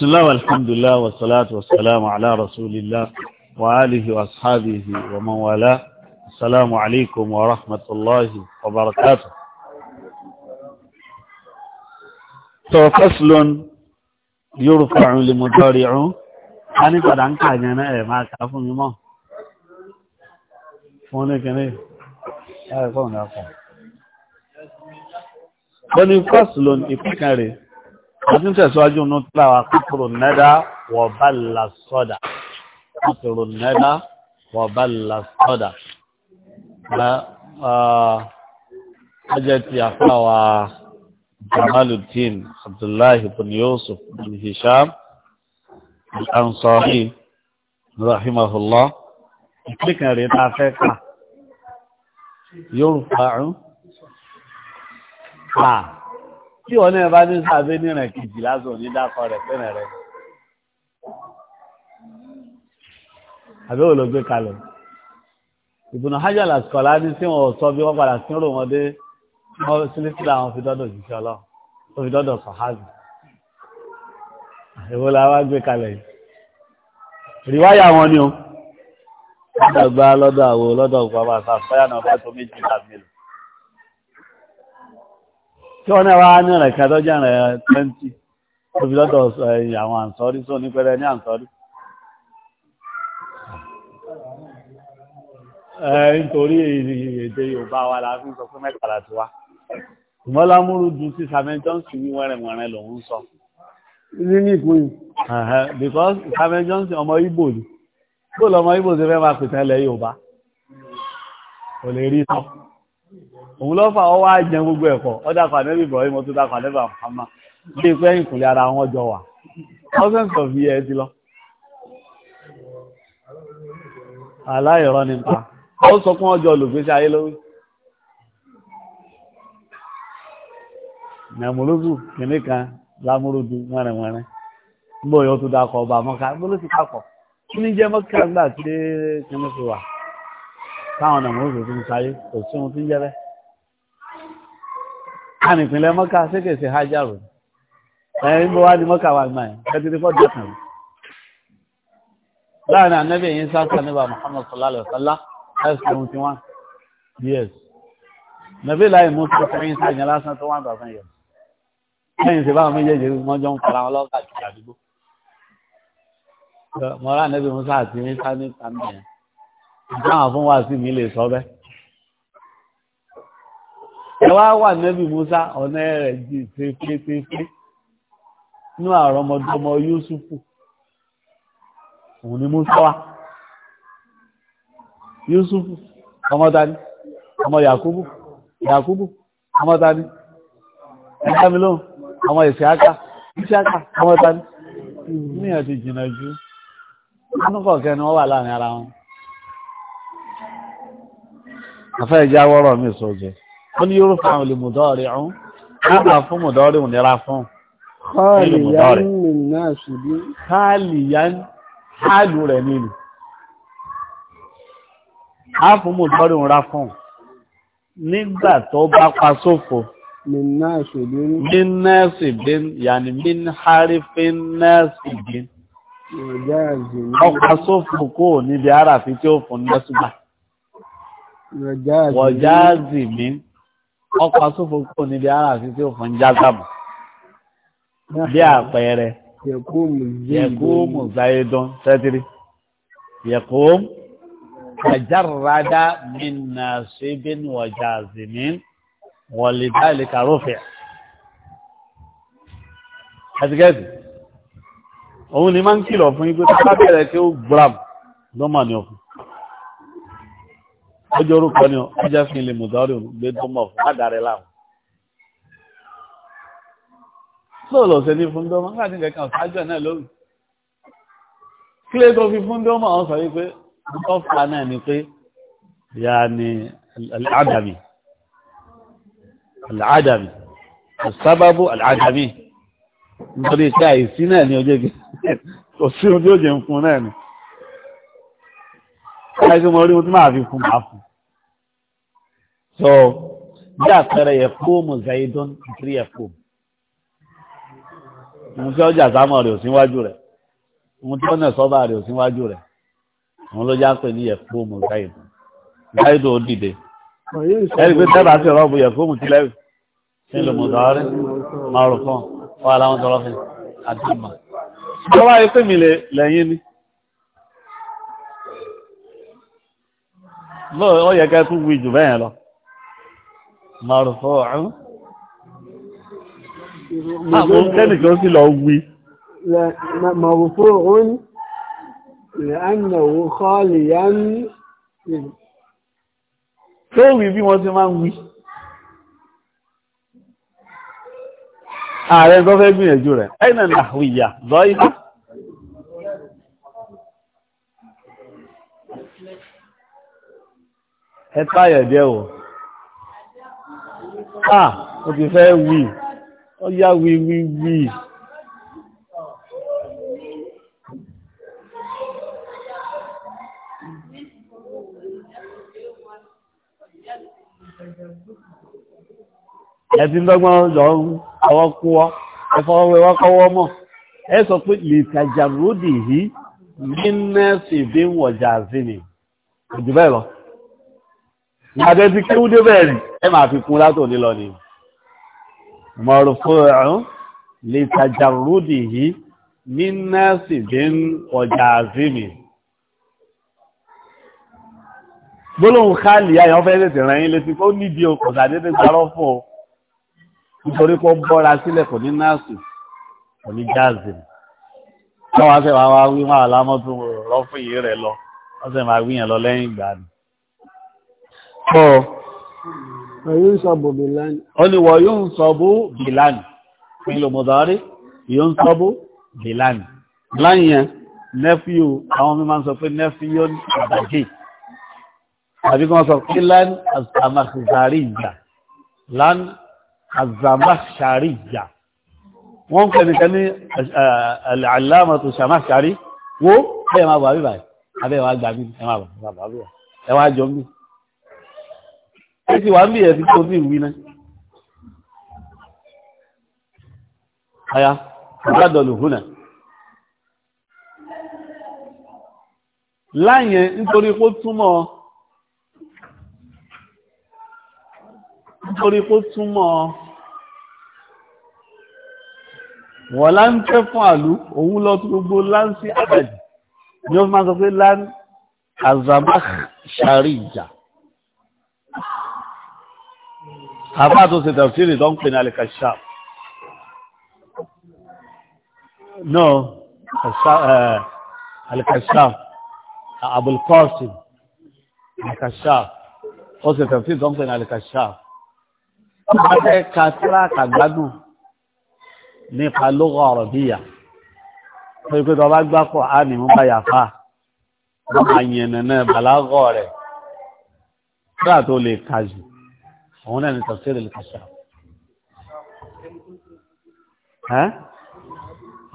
بسم الله والحمد لله والصلاة والسلام على رسول الله وآله وأصحابه ومن والاه السلام عليكم ورحمة الله وبركاته فصل يرفع لمضارع أنا قد أنك أنا ما كافون يما فوني كني أي فوني أفهم فوني فصل إفكاري wọ́n ti ń tẹ̀síwájú inú tíra wa kúkúrò nẹ́dá wọ̀ bá la sọ́dà kúkúrò nẹ́dá wọ̀ bá la sọ́dà ọjọ́ ti àfúrà wa jamaluddin abdullahi bin yusuf bin hisham ansari rahimahullah ìpín kan rèé fẹ́ kà yóò fà á tí wọn náà bá ní sàbẹ nírìn kejì lásán ní dákọ rẹ pẹrẹ rẹ àbẹ wò ló gbé kalẹ̀ ìbùnà hajj alaskọlá ní tí wọn sọ bí wọn padà sí rò wọn dé wọn sílẹsílẹ àwọn fi dọdọ jíṣẹ́ Ọlọ́run wọn fi dọdọ sọhábì èwo la wá gbé kalẹ̀ yìí rìwáyà wọn ni o lọ́dọ̀ gba lọ́dọ̀ àwo lọ́dọ̀ gbàgbà sàfẹ́yà náà fẹ́ tó méjì tàbí lọ tí wọ́n náà wá ní ọ̀rẹ̀ kan tọ́jà rẹ̀ twenty tó fi lọ́dọ̀ eh, àwọn àǹsọ́rí sóò ní ní àǹsọ́rí. nítorí èdè Yorùbá wa la fi ń sọ pé mẹ́tàlá ti wá ṣùgbọ́n lámúrú ju sí Samuel Johnson ní wẹ́rẹ̀wẹ̀rẹ̀ lòún sọ. ní ní ìpín because Samuel Johnson ọmọ Igbo ni bó lọmọ Igbo ti fẹ́ máa pèsè ilẹ̀ Yorùbá kò lè rí sọ òun lọ́fà ọwọ́ àjẹun gbogbo ẹ̀kọ́ ọdákọ̀ ànẹ́bì Ibrahim tó dákọ̀ ànẹ́bà Muhammad bí i pẹ́yìn kùnlé ara wọn jọ wà thousands of years ti lọ aláìrọ́ ni pa ó sọ fún ọjọ́ olùgbésí ayé lórí nàmúrúgù kìnní kan lámúrúdù wẹ́rẹ̀wẹ́rẹ́ gbọ́ yóò tó dákọ̀ ọba mọ́ká gbọ́ló ti kápọ̀ kí ní jẹ́ mọ́ká gbà tí kìnní fi wà táwọn nàmúrúgù fi ń sáyé kò sí ohun tí ń jẹ́ bẹ́ẹ̀ a ní ìpínlẹ̀ mọ́ká sékè sí hajjáru ẹ̀yìn bó wá ní mọ́ká wà gbà yẹn thirty four dọ́tàn láàrin ànábì ẹ̀yìn sáfà níbà Muhammad sallallahu alaihi wa sallam five seventy one years nàbí láì mú tó fún yín sáyẹn lásán tó one thousand years lẹ́yìn sí báwọn méjèèjì wọ́n jọ ń fara wọn lọ́kà kí àdúgbò mọ́ra ànábì Musa àti yín sáà ní ẹwà wà nẹ́bì Musa ọ̀nà rẹ̀ jì tẹ́fẹ́tẹ́fẹ́ ní àrọ̀ ọmọdọ́mọ Yusufu òun ni Musa wá Yusufu ọmọdání ọmọ Yakubu Yakubu ọmọdání ẹgbẹ́milóhùn ọmọ ìṣẹ́aka ìṣẹ́aka ọmọdání ní ẹ̀ ti jìnà jù ọdúnkọ̀ọ̀kẹ́ ni wọ́n wà láàrin ara wọn afẹ́ ìjáwọ́rọ̀ mi sọ́jọ́ ó ní yóò fún àwọn olùmùdọ́ọ̀rẹ́ ọ̀hún lábà fún mùdọ́ọ̀rẹ́ òníra fún káàlìyàn hálù rẹ̀ nínú á fún mùdọ́ọ̀rẹ́ òníra fún nígbà tó bá pa sófò min nẹ́ẹ̀sì bín yàní min harifin nẹ́ẹ̀sì bín ọpa sófò kó níbi ara fi tí ó fún nẹ́sùgbà wọ̀jáàzì ọkọ̀ asófo kò níbi ara àti tí ó fún jágàmù bí àpẹẹrẹ yẹkùmù zayidun tẹ́tìrì yẹkùmù àjárada minna ṣébìn wọ̀jà zimin wọ̀lìdá ìlẹ̀kàrófẹ̀ ẹ̀tìgẹ́tì òun ni máa ń kìlọ̀ fún igbó tó bá bẹ̀rẹ̀ kí ó gbram lọ́mọ ní òfin ọjọ́ orúkọ ni ọjọ́ fi lè mùsọ́rì gbé dọ́mọ̀ fún àdàrẹ láwọn. lóòlò ṣe ní fún dọ́mọ̀ nígbà tí kẹ̀kẹ́ ọ̀sájú ẹ̀ náà lórí. kílé tó fi fún dọ́mọ̀ àwọn sọ wípé ọ̀fà náà ni pé ya ni al'adami al'adami sábàbù al'adami nítorí pé àìsí náà ni ọjọ́ kò sí ojú òjò ń fún náà ni káyọ̀ sí mo rí mo tí máa fi fún máa fún. so bí àpẹẹrẹ yẹ fóòmù zaidon nítorí yẹ fóòmù. òun tí ọjà sámọ̀ rẹ̀ ò síwájú rẹ̀ òun tí ọ̀nà sọ́bà rẹ̀ ò síwájú rẹ̀ òun ló já pè ní yẹ fóòmù zaidon zaidon ó dìde. ẹni pé tẹ́lá sí ọ̀rọ̀ yẹ fóòmù tí lẹ́yìn nílùú mùsàárẹ̀ márùn-ún wà láwọn tọrọ fún àdìmọ̀. ìjọba yìí pè mí lẹ́yìn ni. lóò ó yẹ kẹ́kú wí jù bẹ́yẹn lọ mọ̀rùfọ́ ọ̀hún àwọn kẹ́nìkan sí lọ wí mọ̀rùfọ́ ọ̀hún lẹ́nàwó kọ́ọ̀lì yá ń tó wí bí wọ́n ti máa ń wí ààrẹ gọ́fẹ́ gbìyànjú rẹ̀ ẹ̀nà nàwìyà lọ́ìfà ẹ táyọ̀ díẹ̀ o à ah, ó ti fẹ́ wì ó yá wì wì wì. ẹ̀tí lọ́gbọ́n lọ àwọn kún ọ ẹfọwọ́wẹ́ wọ́kọ́wọ́ mọ̀ ẹ sọ pé lìtàjàmúdì yìí nínú ẹ̀sìn bí wọ̀jà zini òjò bẹ́ẹ̀ lọ Àdé ti kí wúdé bẹ́ẹ̀ ni, ẹ máa fi kún látò ní lọ ni. Mọ̀rùfún ẹ̀rún lè tàjàrúdì yìí ní nẹ́ẹ̀sì bí ń ọjà àzímì. Gbólóhùn káàlì ayọ̀ fẹ́ tètè rẹ̀ yín létí pé ó nídìí sàdédé gbárọ́ fún o. Nítorí pé bọ́ra sílẹ̀ kò ní nẹ́ẹ̀sì, kò ní jáàzì. Táwọn afẹ́ wa wá wí wọn àlámọ́ tó rọ́ fún ìyí rẹ̀ lọ, wọ́n sì máa wí yẹn lọ lẹ́yìn ìgbà ni kọ́ ọ ni wọ yóò ń sọ́bú bìlánì pẹ̀lú mọ̀dárí yóò ń sọ́bú bìlánì láyẹn nẹ́fíò àwọn mímọ̀ sọ pé nẹ́fíò àbájì àbí kan sọ pé lán àzàmáṣàrí ìjà lán àzàmáṣàrí ìjà wọ́n kẹ́ nìkan ní àlámọ̀tò ṣàmáṣàrí wó bẹ́ẹ̀ máa bọ̀ àbíbáyì abẹ́ wa gbà mí jọ mí ẹ wà ń bí ẹ̀sìn tó sì wí náà aya ìgbádọ̀lù húnà láyẹn nítorí kó túmọ̀ nítorí kó túmọ̀ wọ́n láńtẹ́ fún àlú òun lọ tó gbogbo láńsí àbẹ̀dì ni ó máa sọ pé láń àzàmáà ṣàrí ìjà àbá tó ṣe tafsiri tó ń pè ní alikashaf no eh, alikashaf abulqasim alikashaf ó ṣe tafsiri tó ń pè ní alikashaf ọba jẹ́ katira kàgbádùn nípa lókọ̀ ọ̀rọ̀ bíyà pé pé tọba gbápọ̀ á ní mú bá yàfá wọ́n máa yẹn nẹ̀nẹ́ bàlágọ́ rẹ̀ kíra tó lè kàjù òun náà ni tafsir al-Kashaf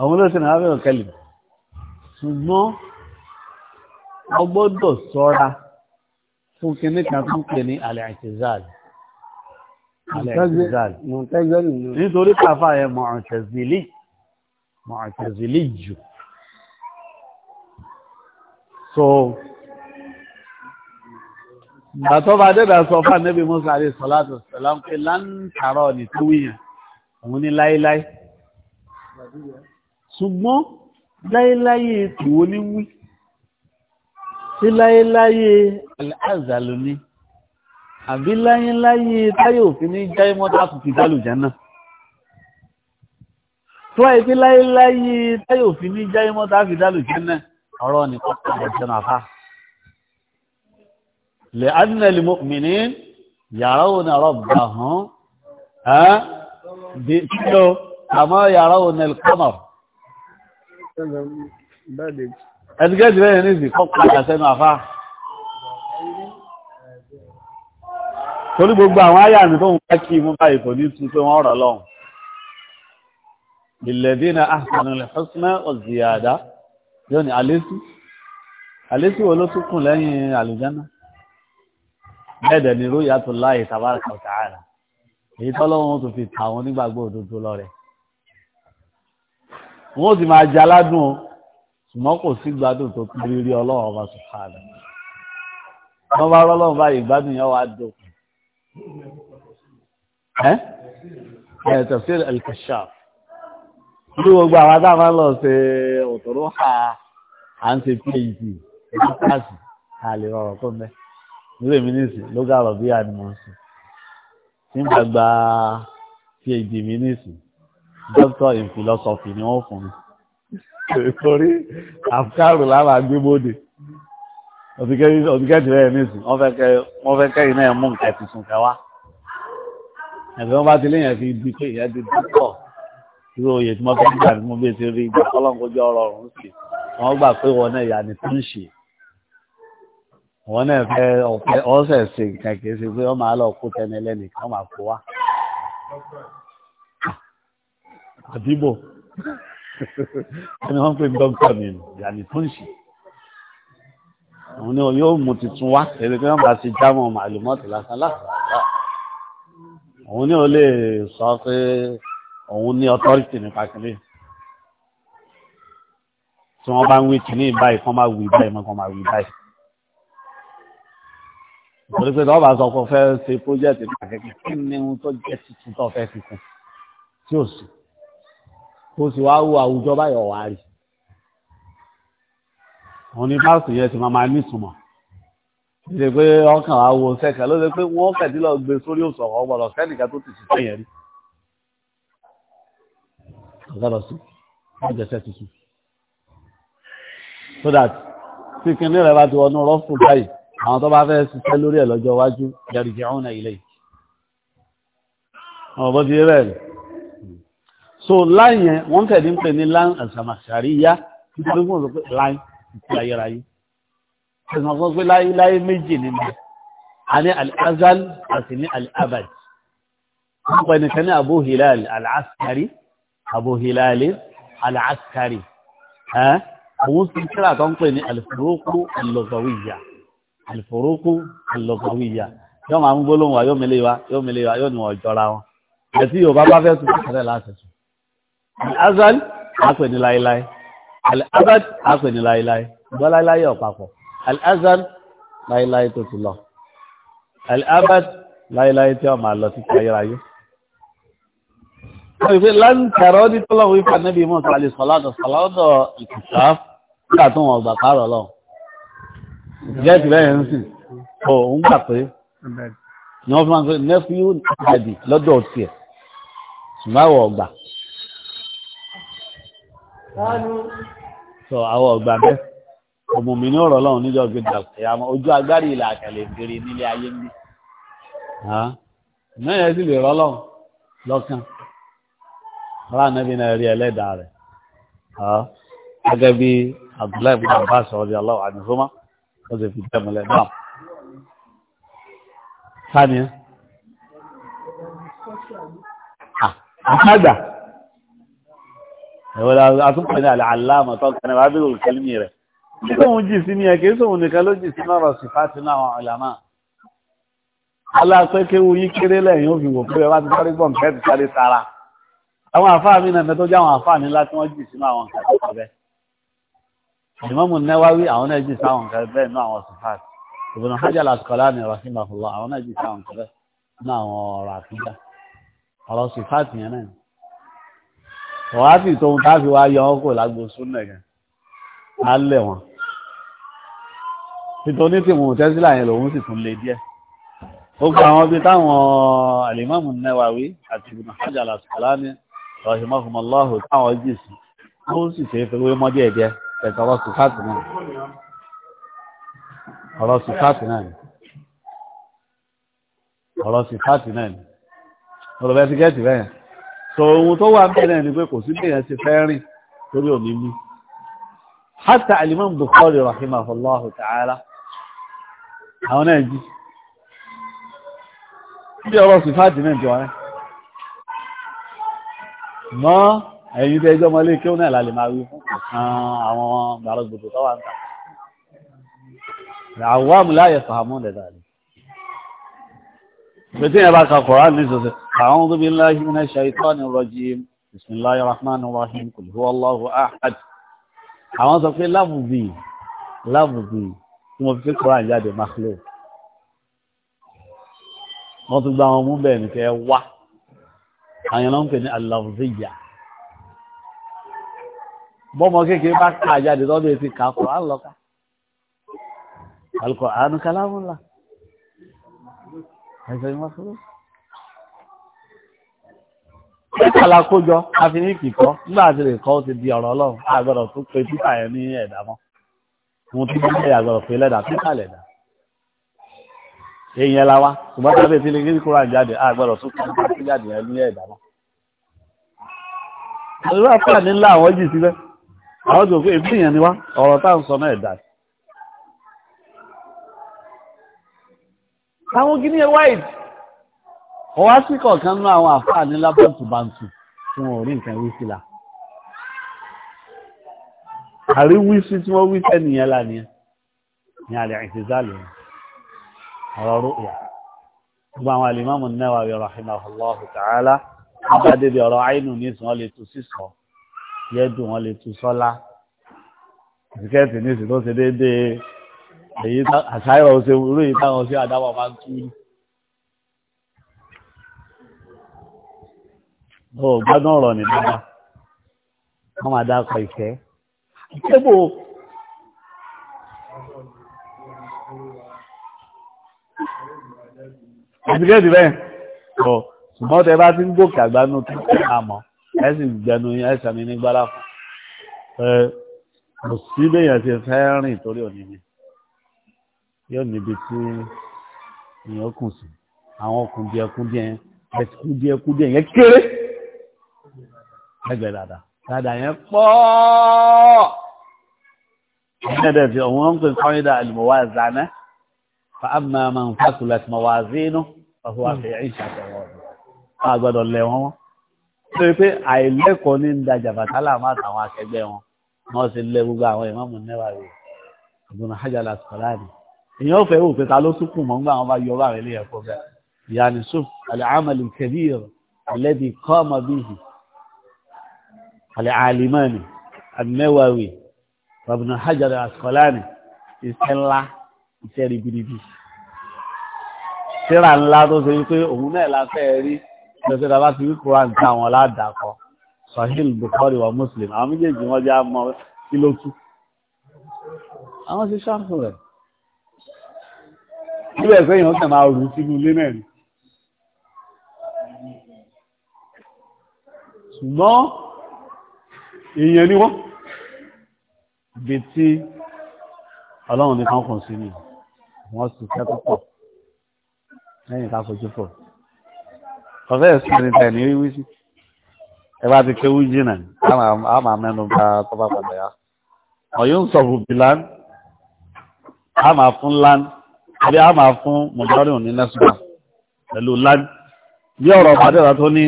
àwọn olóṣèlú náà fẹ́ràn kẹlì ṣùgbọ́n wọ́n gbọ́dọ̀ sọ́ra fún kìíní kan tó ń pè ní al-i'tizal al-i'tizal nítorí káfà yẹn mu'tazili mu'tazili jù so gbàtọ́ bá dẹ́dà sọ fún ànẹ́bí musa àrí sọ́látọ̀ sẹ́lám pé láńtàrọ̀ ní tó wíyàn òun ní láíláí ṣùgbọ́n láíláí tìwó ní wí sí láíláí aláàzàlù ni àbí láíláí táyé òfin ní jáì mọ́tà tó fi dálùjẹ́ náà tó àìsí láíláí táyé òfin ní jáì mọ́tà fi dálùjẹ́ náà ọ̀rọ̀ nìkan tó àjẹ́ fáà لأن المؤمنين يرون ربهم ها بيقولوا كما يرون القمر أتجد بقى نزي فوق على سنة فا torí gbogbo àwọn àyà mi tó ń wá kí mú báyìí kò ní tún pé wọ́n rọ̀ lọ́hùn lilladhina ahsanul husna wa ziyada yóò ní àlésí àlésí wo ló tún kùn lẹ́yìn àlùjánná bẹ́ẹ̀ dẹ̀ ni rúyà tó láàyè tabaraka wa ta'ala èyí tọ́lọ́wọ́n tó fi ta àwọn onígbàgbọ́ òdodo lọ́rẹ̀ wọ́n sì máa jẹ aládùn o ṣùgbọ́n kò sí gbádùn tó kú rírí ọlọ́run ọba sùpàdà wọ́n bá rọ́lọ́run báyìí gbádùn yẹn wá dòkun ẹ́ ẹ̀ tafsir al-kashaf ní gbogbo àwọn táwọn lọ ṣe òtòrò ha à ń ṣe phd ní káàsì àlè ọ̀rọ̀ kó mẹ́ nílé mi nísìn ló gà rọ̀ bí àdìmọ̀ sí tí n bá gba phd mi nísìn doctor in philosophy ni wọ́n fún mi torí àfikàrò lára agbébóde òtíkẹ́tì rẹ̀ nísìn wọ́n fẹ́ kẹ́yìn náà mú nǹkan tuntun kẹwa ẹ̀fẹ́ wọn bá ti léyìn fi di pé ìyá di dúpọ̀ irú oyè tí wọ́n fẹ́ gbà ní mo bí ti rí ìgbà ọlọ́run kó jẹ́ ọ̀rọ̀ ọ̀run sí wọ́n gbà pé wọn náà ìyá ni tó ń ṣe wọn náà fẹ́ ọ̀fẹ́ ọ̀sẹ̀ ṣe nǹkan kìí pé wọ́n máa lọ kó tẹni ẹlẹ́nìkan wọ́n máa kó wá. àdìbò ẹni wọ́n pè ní mi yàní tó ń ni yóò mú titun wá èrè pé wọ́n bá ṣe jámọ̀ màlúmọ́tì lásán lásán òun ní o lè sọ pé òun ní ọtọ́rìtì nípa kìíní tí wọ́n bá ń wí kìíní báyìí kán máa wí báyìí mọ́ kán máa wí báyìí torí pé tọ́ba sọ pé fẹ́ ṣe pọ́jẹ́tì pàkẹ́kẹ́ kí ni ohun tó jẹ́ tuntun tó fẹ́ fi kún tí ò sí kó sì wá wo àwùjọ báyọ̀ wá rí òun ni báàsì yẹn ti máa máa nítumọ̀ ṣe pé ọkàn wa wo sẹ́kà ló ṣe pé wọ́n kẹ̀dínlọ́ gbé sórí òṣùwọ̀n ọgbọ̀dọ̀ sẹ́nìkan tó ti sì sẹ́yìn rí ọ̀gọ́dọ̀ sí wọ́n jẹ́sẹ̀ tuntun so that tí kinní bá ti wọnú rọ́fù báyìí àwọn tó bá fẹ́ ṣiṣẹ́ lórí ẹ̀ lọ́jọ́ iwájú yarji'una ilayhi ọ̀bọ̀ ti rẹ̀ rẹ̀ so láyẹn wọ́n kẹ̀dí ń pè ní láń àṣàmàṣàríyá nítorí wọ́n sọ pé láyé ìpè ayérayé ẹ̀sìn ọ̀sán pé láyé láyé méjì nínú a ní al-azal ń pè ní al-furuq al-lughawiyya àlùfòrókù àlùlọ́gọ́wìyà yóò máa ń gbólóhùn wa yóò mele wa yóò mele wa yóò ní wọn jọra wọn àti yorùbá bá fẹ́ tún kàkàrẹ́ láti tún. azal àpè ní láéláé al-abad àpè ní láéláé ìgbọ́ láéláé yọ̀ papọ̀ al-azal láéláé tó ti lọ al-abad láéláé tí wọ́n máa lọ sí ayérayé. wọ́n fi láǹtẹ̀rọ ní tọ́lọ́wọ́ ìfànẹ́bí mọ́tò àlè sọ́lá gẹ́ẹ̀tì lẹ́yìn ń sìn ọ̀ ń gbà pé ni wọ́n fi máa ń sọ nephew daddy lọ́dọ̀ tiẹ̀ ṣùgbọ́n àwọn ọ̀gbà sọ àwọn ọ̀gbà bẹ́ẹ̀ ọmọmi ní ọ̀rọ̀ lọ́hùn níjọ́ gbẹdà ẹ̀yàmọ́ ojú agbárí ìlà àkàlẹ̀ kiri nílé ayé ń bí mẹ́rin sì lè rọ́lọ́hùn lọ́kàn ọlá nàbí náà rí ẹlẹ́dàá rẹ̀ gẹ́gẹ́ bí Abdullahi bin Abbas radiyallahu anhuma wọ́n sì fi tẹ́mọ̀lẹ̀ náà sáni ah, àkágbà ẹ̀wọ́n atúpọ̀ ní àlàámọ̀ tó kẹ́nà wà bí olùkẹ́lì ní rẹ̀ nígbòhun jì sí ní ẹ̀kẹ́ sóhun nìkan ló jì sí lọ́rọ̀ sí fàtí náà àwọn ọ̀làmá alápẹ́kẹ́wò yí kéré lẹ́yìn ó fi wò pé wá ti sáré gbọ̀n kẹ́ẹ̀tì sáré tara àwọn àfáà mi nà mẹ́tọ́jú àwọn àfáà nílá tí wọ́n jì sínú àwọn nǹkan tó kọ̀ bẹ́ẹ̀ ìmọ̀mù nẹ́wáwí àwọn náà jì sáwọn nǹkan bẹ́ẹ̀ ní àwọn sùfàt ìbùnà hajj al-Asqalani rahimahullah àwọn náà jì sáwọn nǹkan bẹ́ẹ̀ ní àwọn ọ̀rọ̀ àfíjà ọ̀rọ̀ sùfàt yẹn náà ọ̀háfì tóun táfi wá yọ ọkọ̀ lágbo súnà yẹn á lẹ̀ wọn nítorí tí mo tẹ́sílà yẹn lòun sì tún lè díẹ̀ ó gba àwọn ibi táwọn al-Imam àti ìbùnà hajj al-Asqalani rahimahullah táwọn jì sí ó sì ṣe é fẹ́ wé mọ́ díẹ̀díẹ̀ pẹ̀tẹ̀ ọ̀rọ̀ sùfáàtì náà ọ̀rọ̀ sùfáàtì náà ọ̀rọ̀ sùfáàtì náà ọ̀rọ̀ bẹ́ẹ̀ ti gẹ́ẹ̀tì bẹ́ẹ̀ sọ ohun tó wà bẹ́ẹ̀ ni pé kò sí bẹ́ẹ̀ ti fẹ́ rìn torí òní mú hátà alimam bukhari rahimahullahu ta'ala àwọn náà jí bí ọ̀rọ̀ sùfáàtì náà jọ rẹ̀ mọ́ ẹ̀yin tẹ́ ẹjọ́ mọ́lé kí ó náà lálẹ́ máa wí fún kọ̀ọ̀kan àwọn gbàrọ̀gbòdò tó wà ń ta àwọn amúláyẹ̀ fàámù dẹ̀dà rẹ̀ bẹ̀tẹ̀ yẹn bá ka kọ̀ọ̀rán ní sọ̀sẹ̀ àwọn tó bí ńlá yìí náà ṣàìtọ́ ni rọjí bisimilahi rahman rahim kò lọ́wọ́ lọ́wọ́ ahad àwọn sọ pé láàbùbì láàbùbì tí mo fi kọ̀ọ̀rán jáde mákìlò wọ́n tún gba àwọn mú bẹ́ẹ̀ nìkẹ́ wá àwọn yẹn pè ní alàbùbìyà bọ́mọ kékeré bá ká àjáde lọ́dún èsì ká kọ́ á lọ́ka alukọ̀ àánú kalámù ńlá ẹ̀sẹ̀ ni wọ́n fún un. Mẹ́tàlá kójọ àfiníkì kọ́ nígbà tí lè kọ́ ti di ọ̀rọ̀ ọlọ́run àgbọ̀dọ̀ tó pe pípa yẹn ní ẹ̀dá mọ́. Mo ti bí ẹ̀yà àgbọ̀dọ̀ pe lẹ́dà pípa lẹ̀dà. Èèyàn la wa ṣùgbọ́n tábìlì tí lè gbé kúrò àjáde àgbọ̀dọ̀ tó pe pípa jáde yẹn ní ẹ̀dá mọ́. Àlùfáà ní ńlá àwọn jì síbẹ̀ àwọn òjò pé ìbí yẹn ni wá ọ̀rọ̀ tá ń sọ náà ẹ̀dá àwọn gíní ẹ̀ wáìdì ọwá sí kọ̀ọ̀kan nú àwọn àfáà ní lábàntùbàntù tí wọn ò rí nǹkan wí sí la àríwísí tí wọ́n wí tẹ́nìyàn lánìyàn ní àlẹ́ ìtìzálì ọ̀rọ̀ rúkìá gbogbo àwọn alìmọ́mù Nawawi rahimahullahu ta'ala abádébẹ̀ ọ̀rọ̀ àìnù ní yẹ́dù wọn lè tu sọ́lá tíkẹ́ẹ̀tì ní ìsìn tó ṣe déédéé èyí àṣàyọ̀ ṣe irú èyí táwọn ṣe àdáwọ̀ máa ń tú ó gbádùn ọ̀rọ̀ ní dáadáa wọ́n máa dákọ̀ ìfẹ́. ìkébò tíkẹ́ẹ̀tì bẹ́ẹ̀ ṣùgbọ́n tẹ bá ti ń gòkè àgbánú tó ń tẹ̀ àmọ́ ẹ sì gbẹnu ni ẹ sàmì ní gbára fún ẹ kò sí béèyàn ti fẹ́ rìn torí òní ni yóò níbi tí èèyàn kù sí àwọn kùndìẹ̀kùndìẹ̀ ẹ̀sìn kùndìẹ̀kùndìẹ̀ yẹn kéré ẹgbẹ́ dáadáa dáadáa yẹn pọ̀ ẹ̀yìn ẹ̀dẹ̀ fi ọ̀hún ń pè kọ́rin dà àlùmọ̀wá zànà fa amma man fakulat mawazinu fa huwa fi 'ishatin radiyah àgbàdo lẹ̀ wọ́n nítorí pé àìlẹ́kọ̀ọ́ ní ń da jàbàtálà má tàwọn akẹgbẹ́ wọn wọ́n sì lẹ gbogbo àwọn ìmáàmù nẹ́wà rẹ̀ ọdún hajjala sọ̀láàdì èèyàn fẹ́ wò pé ta ló súnkù mọ́ nígbà wọn bá yọ ọba rẹ̀ lé ẹ̀kọ́ bẹ́ẹ̀ ìyá sùn àlẹ́ àmàlì kabir alladhi qama bihi àlẹ́ àlìmọ́ni an-Nawawi ọdún hajjala sọ̀láàdì iṣẹ́ ńlá iṣẹ́ ribiribi síra ńlá tó ṣe wípé òun náà lọ́sẹ̀ tá a bá ti wí Quran tá àwọn aládàkọ Sahih Bukhari wa Muslim àwọn méjèèjì wọ́n jẹ́ àmọ́ kí ló tú àwọn ti ṣàfihàn rẹ̀ níbẹ̀ pé èèyàn kàn máa rù sínú ilé náà ni ṣùgbọ́n èèyàn ni wọ́n bí tí ọlọ́run nìkan kùn sí ni wọ́n sì kẹ́kọ̀ọ́ lẹ́yìn ká fojú fò ọ̀fẹ́ ẹ̀sìn ní tẹ̀ ní wíwí sí ẹ bá ti kéwú jìnà á máa mẹ́nu bá tọ́ba padà yá ọ̀yọ́ ń sọ̀rọ̀ bìlán á máa fún lán àbí á máa fún mọ̀jọ́rìn òní nẹ́sùnà pẹ̀lú lán bí ọ̀rọ̀ lan tó ní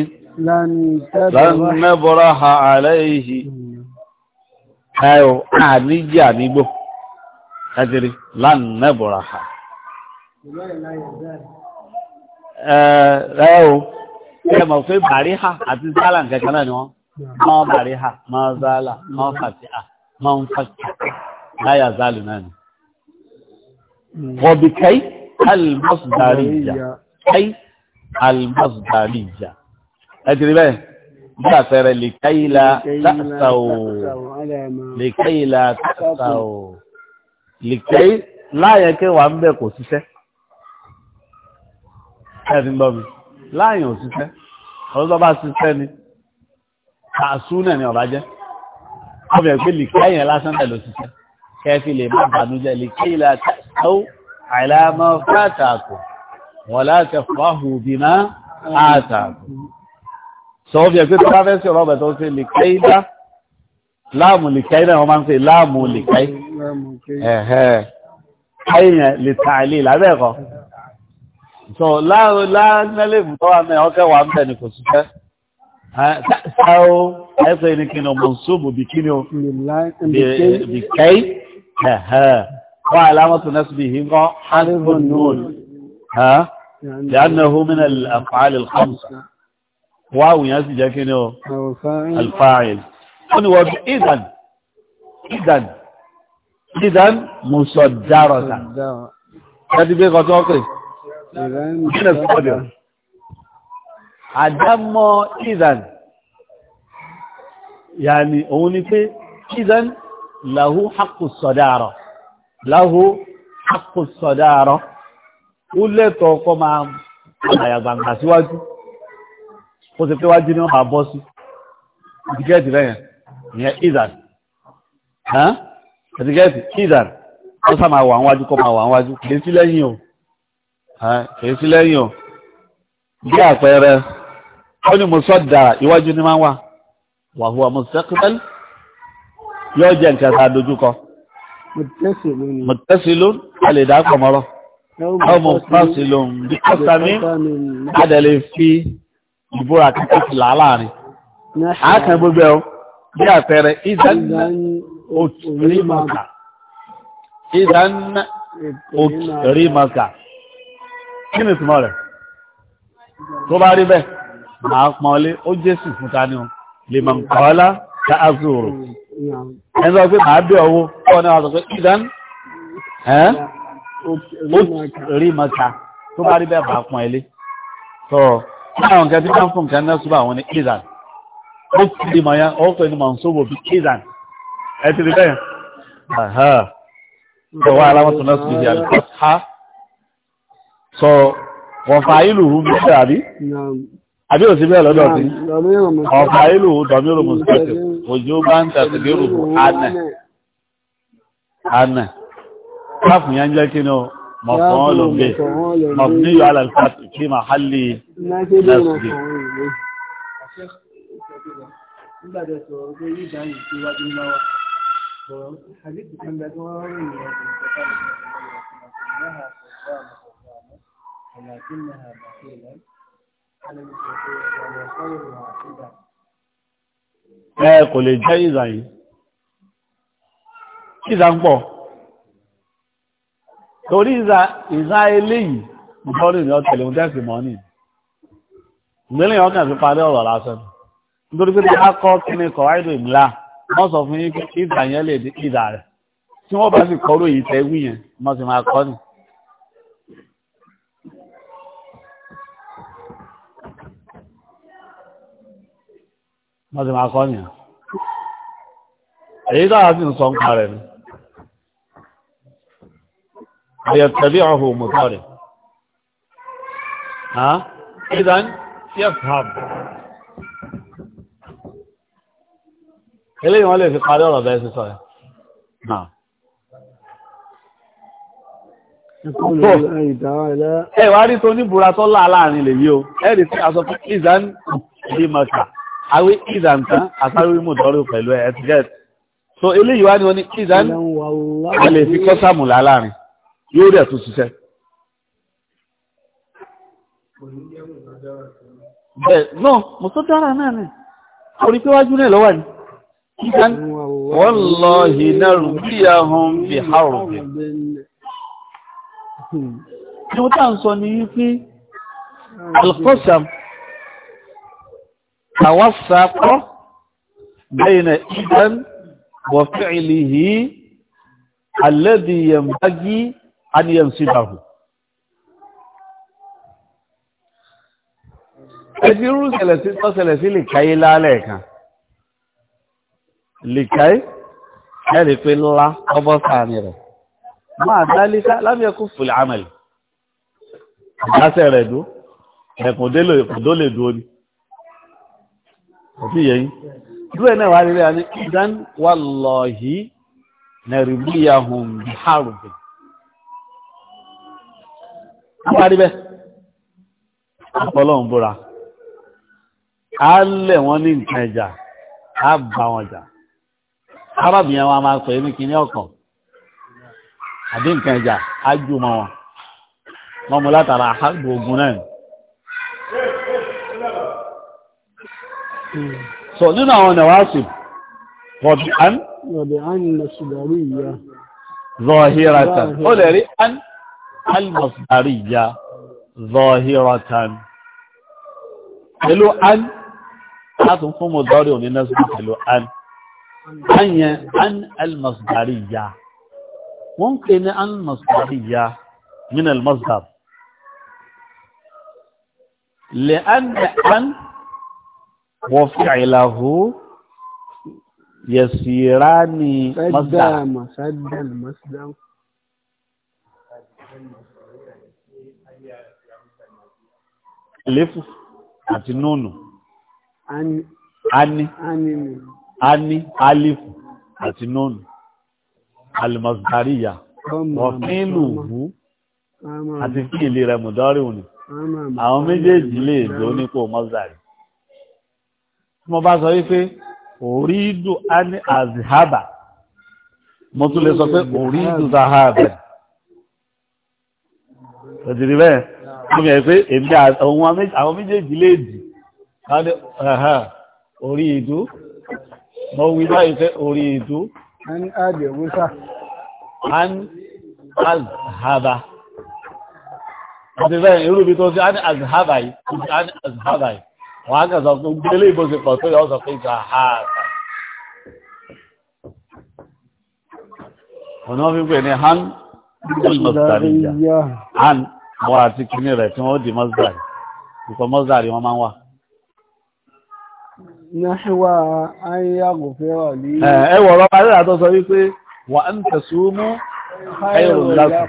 lánàbọ̀rọ̀ ha àlẹ́ yìí ẹ̀rọ àníjì ànígbò ẹ̀jẹ̀rì lánàbọ̀rọ̀ ha ẹ̀rọ ẹ mọ̀ pé bàríhà àti zálà kankan náà ni wọ́n mọ́ bàríhà mọ́ zálà mọ́ fàtíà mọ́ ń fàkì láyà zálù náà ni. Hmm. wọ̀bì kai almasdariya kai almasdariya ẹ ti rí bẹ́ẹ̀ bí àpẹẹrẹ lè káyí la tàṣà o lè káyí la tàṣà o lè káyí láyẹ̀ kẹwàá ń bẹ̀ kò ṣiṣẹ́ ẹ ti ń gbọ́ mi láàyàn òṣìṣẹ́ ọlọ́tọ́ bá ṣiṣẹ́ ni tààsúnà ni ọ̀bá jẹ́ ọbẹ̀ pé lìkẹ́yìn lásán tẹ̀lé òṣìṣẹ́ kẹfì lè má bànújẹ́ lìkẹ́yìn látàkọ́ àìlàmọ́ fàtàkọ́ wọ́n láti fọ́hù bí má àtàkọ́ sọ ọbẹ̀ pé tó bá fẹ́ sí ọlọ́bẹ̀ tó ṣe lìkẹ́yìn dá láàmù lìkẹ́yìn náà wọ́n so lánàlẹ́bù mo náà ọkẹ́ o bẹ̀ ní kò síṣẹ́ sáó ẹ̀fẹ́ ni ọmọ ṣóòbù bí bi kino ni o bí kẹ́ì ẹ̀hẹ́ wọ́n alámọ́tò náà síbi yìí kọ́ hanifun nùn لأنه من الأفعال الخمسة واو ياسي جاكيني الفاعل إذن إذن إذن مصدرة هذه بيغة توقف àdámọ́ ìzàn yàní òun ni pé ìzàn láhú hàkùsọ̀dáàrọ̀ láhú hàkùsọ̀dáàrọ̀ ó lẹ́tọ̀ ọkọ́ máa àyàgbàǹgbà síwájú ó sì pé wájú ní ọmọ bọ́ sí ìdígẹ́ẹ̀tì lẹ́yìn ìyẹn ìzàn ìdígẹ́ẹ̀tì ìzàn ó sá máa wà níwájú kìí sí lẹ́yìn o bí àpẹẹrẹ ó ní mo sọ́dà iwájú ní máa ń wà wàhùwà mo sẹ́kúrẹ́l yóò jẹ́ nǹkan tá a dojúkọ. mo tẹ́sí ló a lè dá pọ̀ mọ́rọ̀ ó mo fásí ló ń bí kọ́sàmí adẹ̀lẹ̀ fi ìbúra kíkọ́ sí láàárín. àákan gbogbo ẹ̀ o bí àpẹẹrẹ ìdánilẹ́ òtún rí màkà ìdánilẹ́ òtún rí màkà kí ni ìtumọ̀ rẹ̀ tó bá rí bẹ́ẹ̀ máa pọ́nlé ó jésù fún ta ni o lè mọ̀ nkọ́lá ká á zòrò ẹni sọ pé màá bí ọwọ́ ọ̀ ní wọn sọ pé ìdán ó rí mọ́ta tó bá rí bẹ́ẹ̀ máa pọ́nlé tó láwọn nǹkan tí wọ́n fún nǹkan náà súbà wọn ni ìdán ó ti di mọ̀ yẹn ó pè ní mọ̀ nsóbò bí ìdán ẹ ti rí bẹ́ẹ̀. Ọ̀hán. Ìjọba aláwọ̀ tó náà sì so kọfà ìlú mẹ́ta àbí àbí òsì bẹ́ẹ̀ lọ́dọ̀ sí kọfà ìlú dọ̀míru mùsùlùmí òjò bá ń tàṣìlérù ànà ànà káàfù yẹn jẹ́ kí ni ó mọ̀kàn lòmgbé mọ̀kànlẹ̀ yóò alàlùfàtì kí ma hálì lẹ́sìdì Thank you. ولكنها بخيلا ألم تطيع وخير واحدا ẹ kò lè jẹ́ ìzà yìí ìzà ń pọ̀ torí ìzà ìzà eléyìí ìtọ́rí ìyọ́ tẹ̀lé ohun tẹ́sì mọ́ ní ìgbélé yàn kàn fi parí ọ̀rọ̀ lásán nítorí pé bá kọ́ kí ni kọ̀ áìdò ìmúlá wọ́n sọ fún yín pé ìzà yẹn lè dé ìzà rẹ̀ tí wọ́n bá sì kọ́rọ̀ èyí tẹ́ yẹn wọ́n sì máa kọ́ nìyí. wọ́n ti máa kọ́ nìyàn èyí dára sí nsọ nǹkan rẹ̀ ni àyẹ̀ tẹ̀lé ọ̀hún mọ̀tọ́ rẹ̀ ìdán yẹ́fàm eléyìí wọ́n lè fi parí ọ̀rọ̀ bẹ́ẹ̀ sísọ ẹ̀ náà ẹ̀wà rí tó ní bùra tó láàárín lè yí o ẹ̀rì tí a sọ fún ìdán ìdí mọ̀tà awé ìzàn tán àsáwé mú dọ́rù pẹ̀lú ẹ̀tìgẹ́t so eléyìí wá ní wọn ní ìzàn a lè fi kọ́sàmù láàárín yóò rẹ̀ tún ṣiṣẹ́ bẹ́ẹ̀ náà mo tó dára náà ni orí pé wájú náà lọ́wọ́ ni ìzàn wọ́n lọ hìnà rúbíyà hàn fi hàrùn bí i mo tá à ń sọ ní wípé alkọ́sàmù توسق بين إذن وفعله الذي ينبغي أن ينصبه ẹ̀fí rú sẹ̀lẹ̀sí tọ́sẹ̀lẹ̀ sí lìkáyé lálẹ́ kan lìkáyé ẹ̀rì pé ńlá ọbọ́ sáàmì rẹ̀ máa dálíká lábẹ́kú fùlẹ̀ àmàlì ìdásẹ̀ rẹ̀ dó ẹ̀kùndó lè dúó ni òfin yẹn irú ẹ̀ náà wà rí rẹ̀ ní ìdán wallahi nàìjíríyàhùn bihárùbì àwọn àríbẹ̀ àpọ̀lọ́hùn búra a lẹ̀ wọ́n ní nǹkan ẹja a bá wọn jà arábìnrin wọn máa pè é ní kinní ọkàn àbí nǹkan ẹja a jù mọ́ wọn wọ́n látara àgbò ogun náà sọ nínú àwọn ọ̀nà wáṣì rọ̀bì án rọ̀bì án na ṣùgbàríyà zọ̀híratan ó lè rí án almasdariya zọ̀híratan pẹ̀lú án látún fún mọ̀ dọ́rí òní náà sí pẹ̀lú án án yẹn án almasdariya wọ́n pè ní án masdariya min almasdar لأن أن wọ́n fi àìláhù yẹ̀sìrá ní masdar àléfù àti nónù ani ani alifu àti nónù almasdariya ọ̀fínlùú àti fíìlì rẹ̀ mùdọ́rì òní àwọn méjèèjì lè dó nípò masdari tí mo bá sọ wípé òrídù á ní àzìhábà mo tún lè sọ pé òrídù zahaba òdìrí bẹ́ẹ̀ mo yẹ pé èmi àwọn méjèèjì lè dì orí ìdú mo wí báyìí pé orí ìdú an àdìwúsà an azhaba òdìrí bẹ́ẹ̀ irú ibi tó ti an azhaba yìí wọ́n á kà sọ pé gbélé ìbò ṣe pọ̀ tó yọ sọ pé ìgbà ha ọ̀nà fi pè han han wọ́n àti kìíní rẹ̀ tí wọ́n di mọ́sàrí ìkọ̀ mọ́sàrí wọ́n máa ń wà. Náṣíwá ayéyàgò fẹ́ràn ní. Ẹ wọ̀ ọ̀rọ̀ parí àtọ́ sọ wípé wà ń tẹ̀sùn mú ayélujára.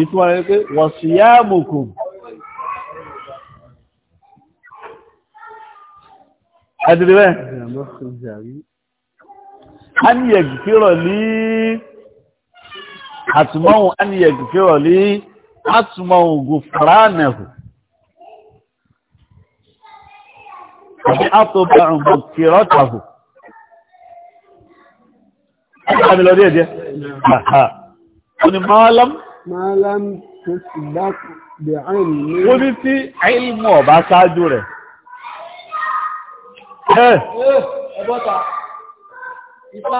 Ìtumọ̀ rẹ̀ pé wọ̀ síyá mùkùn. ẹ̀dìdì bẹ́ẹ̀. aniyeg fírọ̀ lé àtùmọ̀hún aniyeg fírọ̀ lé àtùmọ̀hún gùfàránẹ̀hù. àti àtùmọ̀hún gùfìrọ̀tàhù. Àmì lọ díẹ̀díẹ̀. Ó ni máa lám. Máa lám tó sì bá bí àìmì. Ó ní tí àìmù ọ̀bá ṣáájú rẹ̀. ẹ̀bọ́ta ipá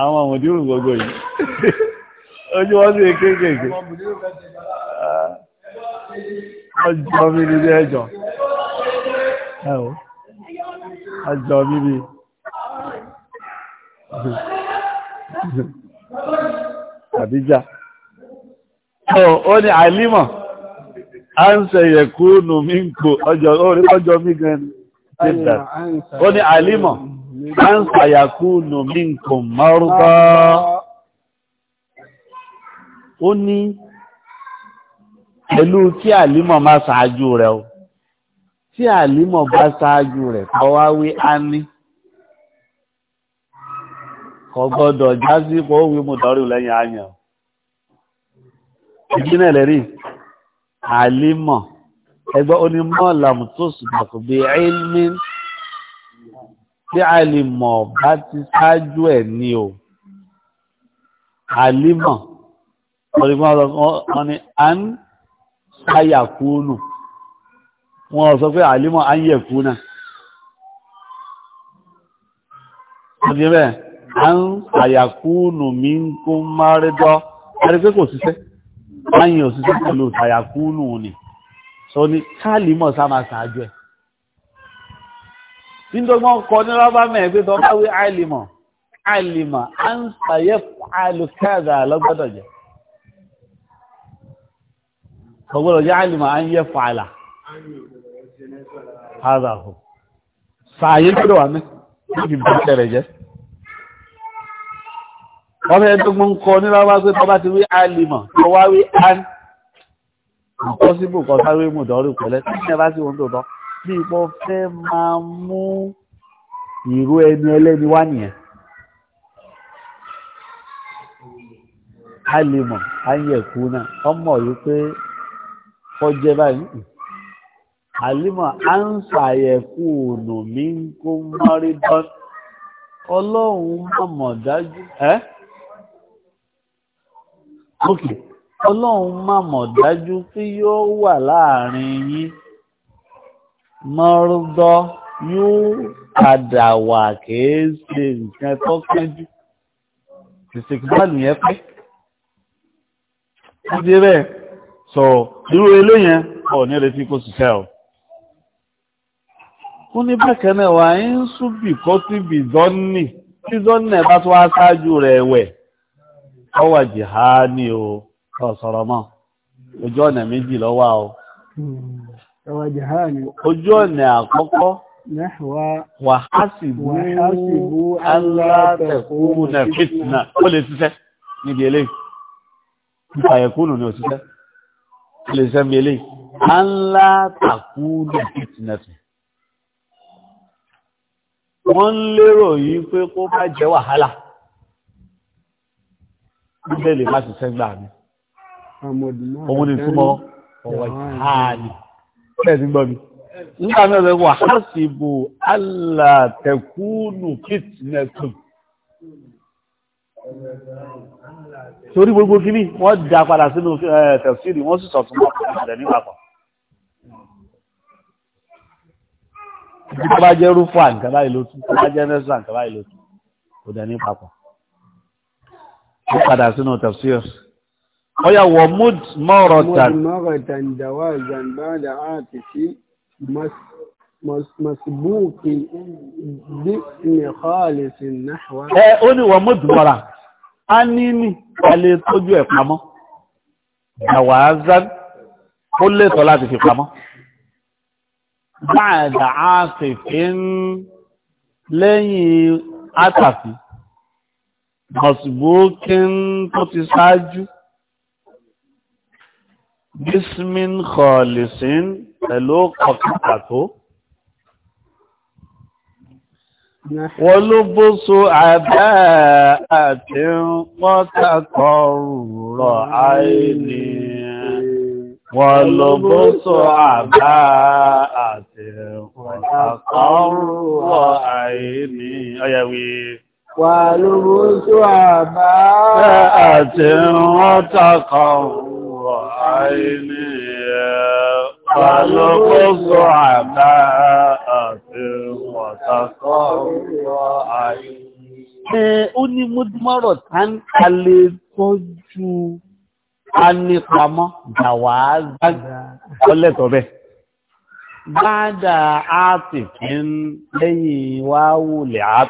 àwọn òmùdírù gbogbo yìí ojú wọ́n sí kéèkéèké ọjọ́ mi ní ẹjọ́ ẹ̀wọ́ ọjọ́ ejọ, àbíjá ó ní àìlímọ̀ ánsẹ̀ yẹ̀kúnù mínkù ọjọ́ mígan tẹ́lá ó ní àlímọ̀ ánsẹ̀ yẹ̀kúnù mínkù márùbá o ni pẹ̀lú kí àlímọ̀ ma ṣáájú rẹ̀ o tí àlímọ̀ bá ṣáájú rẹ̀ kọwáwí á ní kò gbọ́dọ̀ jásí kó wí mú dọ́rí lẹ́yìn àyàn ìdínà lẹ́rìí àlímọ̀ ẹgbẹ́ onímọ̀ làmùtòsù dàpọ̀ bí ẹ̀ẹ́lmí tí àlímọ̀ bá ti ṣáájú ẹ̀ ní o àlímọ̀ onímọ̀ wọn ni à ń sáyàkúnù wọn sọ pé àlímọ̀ à ń yẹ̀kú náà ọdún bẹ́ẹ̀ à mi ń kún márédọ́ ẹni pé kò ṣiṣẹ́ láyìn òṣìṣẹ́ pẹ̀lú tàyàkúlù ni sọ ni káàlìmọ̀ sáma ṣáájú ẹ̀ nítorí kọ ní rọ́bà mẹ́rin pé tọ́ka wí àìlìmọ̀ àìlìmọ̀ à ń sàyẹ̀ àlùkádà lọ́gbọ́dọ̀ jẹ́ ọgbọ́dọ̀ jẹ́ àìlìmọ̀ à ń yẹ fàlà hádà hù sàyẹ̀ gbọ́dọ̀ wà ní níbi bí tẹ̀rẹ̀ jẹ́ wọ́n fẹ́ tó gbọ́n kọ ní láwá pé bọ́bá ti wí alìmọ̀ tó wá wí án impossible kan sáré mú dọ́rí pẹ̀lẹ́ tí ní ẹbá sí ohun tó tọ́ bí ipò fẹ́ máa mú ìró ẹni ẹlẹ́ni wá nìyẹn alìmọ̀ ayẹ̀kú náà ọmọ yìí pé kọjẹ́ báyìí alìmọ̀ à ń ṣàyẹ̀kú ònà mi ń kó mọ́rí dán ọlọ́run mọ̀mọ̀ dájú ókè ọlọ́run má mọ̀ dájú pé yóò wà láàrin yín mọ́rúdọ́ yóò padà wà kìí ṣe nǹkan tó kánjú ìsìnkúbálù yẹn pé ó dé bẹ́ẹ̀ sọ irú eléyẹn ọ̀ ní retí kó ṣiṣẹ́ o ó ní bákan náà wà ń súbì kó síbì zọ́nì tí zọ́nì ẹ̀ bá tún wá ṣáájú rẹ̀ wẹ̀ ọwà jìhání o ọ̀sọ̀rọ̀ mọ́ ojú ọ̀nà méjì ló o ojú ọ̀nà àkọ́kọ́ wà á sì bú alátẹ̀kùnù nà ó lè ṣiṣẹ́ níbi eléyìí ìfàyẹ̀kùnù ni òṣìṣẹ́ ó lè ṣiṣẹ́ níbi eléyìí alátẹ̀kùnù wọ́n lérò yìí pé kó bá jẹ́ wàhálà níbẹ̀ lè má ṣiṣẹ́ gbà mí òun ni túmọ̀ ọ̀wọ̀ ìhàlì bẹ́ẹ̀ ti gbọ́ mi nígbà náà lè wà á sì bò alàtẹ̀kùnù kìtìnẹ̀tù torí gbogbo kíní wọ́n dá padà sínú tẹ̀síìrì wọ́n sì sọ̀tún mọ́ àdẹ̀ nípapọ̀ bí wọ́n bá jẹ́ rúfọ́ àǹkàbáyé lótú bí wọ́n bá jẹ́ nẹ́sùn àǹkàbáyé lótú kò dẹ̀ nípapọ̀ ó padà sínú tafsir ọya wọ mood mọ́rọ̀tàn mọ́rọ̀tàn dáwà zanbada àti sí masibúkì bí nìkọ́ọ̀lẹ̀sì náà ẹ ó ní wọ mood mọ́ra a ní ní alẹ́ tójú ẹ̀ pamọ́ dáwà zan ó lẹ́tọ̀ láti fi pamọ́ báyà á sì ń lẹ́yìn átàfi mọ̀sùbókín tó ti ṣáájú bísmín kọ̀ọ̀lẹ̀sín pẹ̀lú kọ̀kàtà tó wọ́n ló bó so àbá àti pọ́tàkọ̀ rọ̀ àìní wọ́n ló bó so àbá àti pọ́tàkọ̀ rọ̀ àìní wà lóòótọ́ àbá àti wọ́n takà wọ̀ àìní ẹ̀ wà lóòótọ́ àbá àti wọ́n takà wọ̀ àìní. Ẹ ó ní múdúmọ́rọ̀ tá ń kalẹ̀ tọ́jú anípamọ́ dàwàá ọlẹ́tọ̀ bẹ́ẹ̀. Bá dà á lẹ́yìn wáwò lè á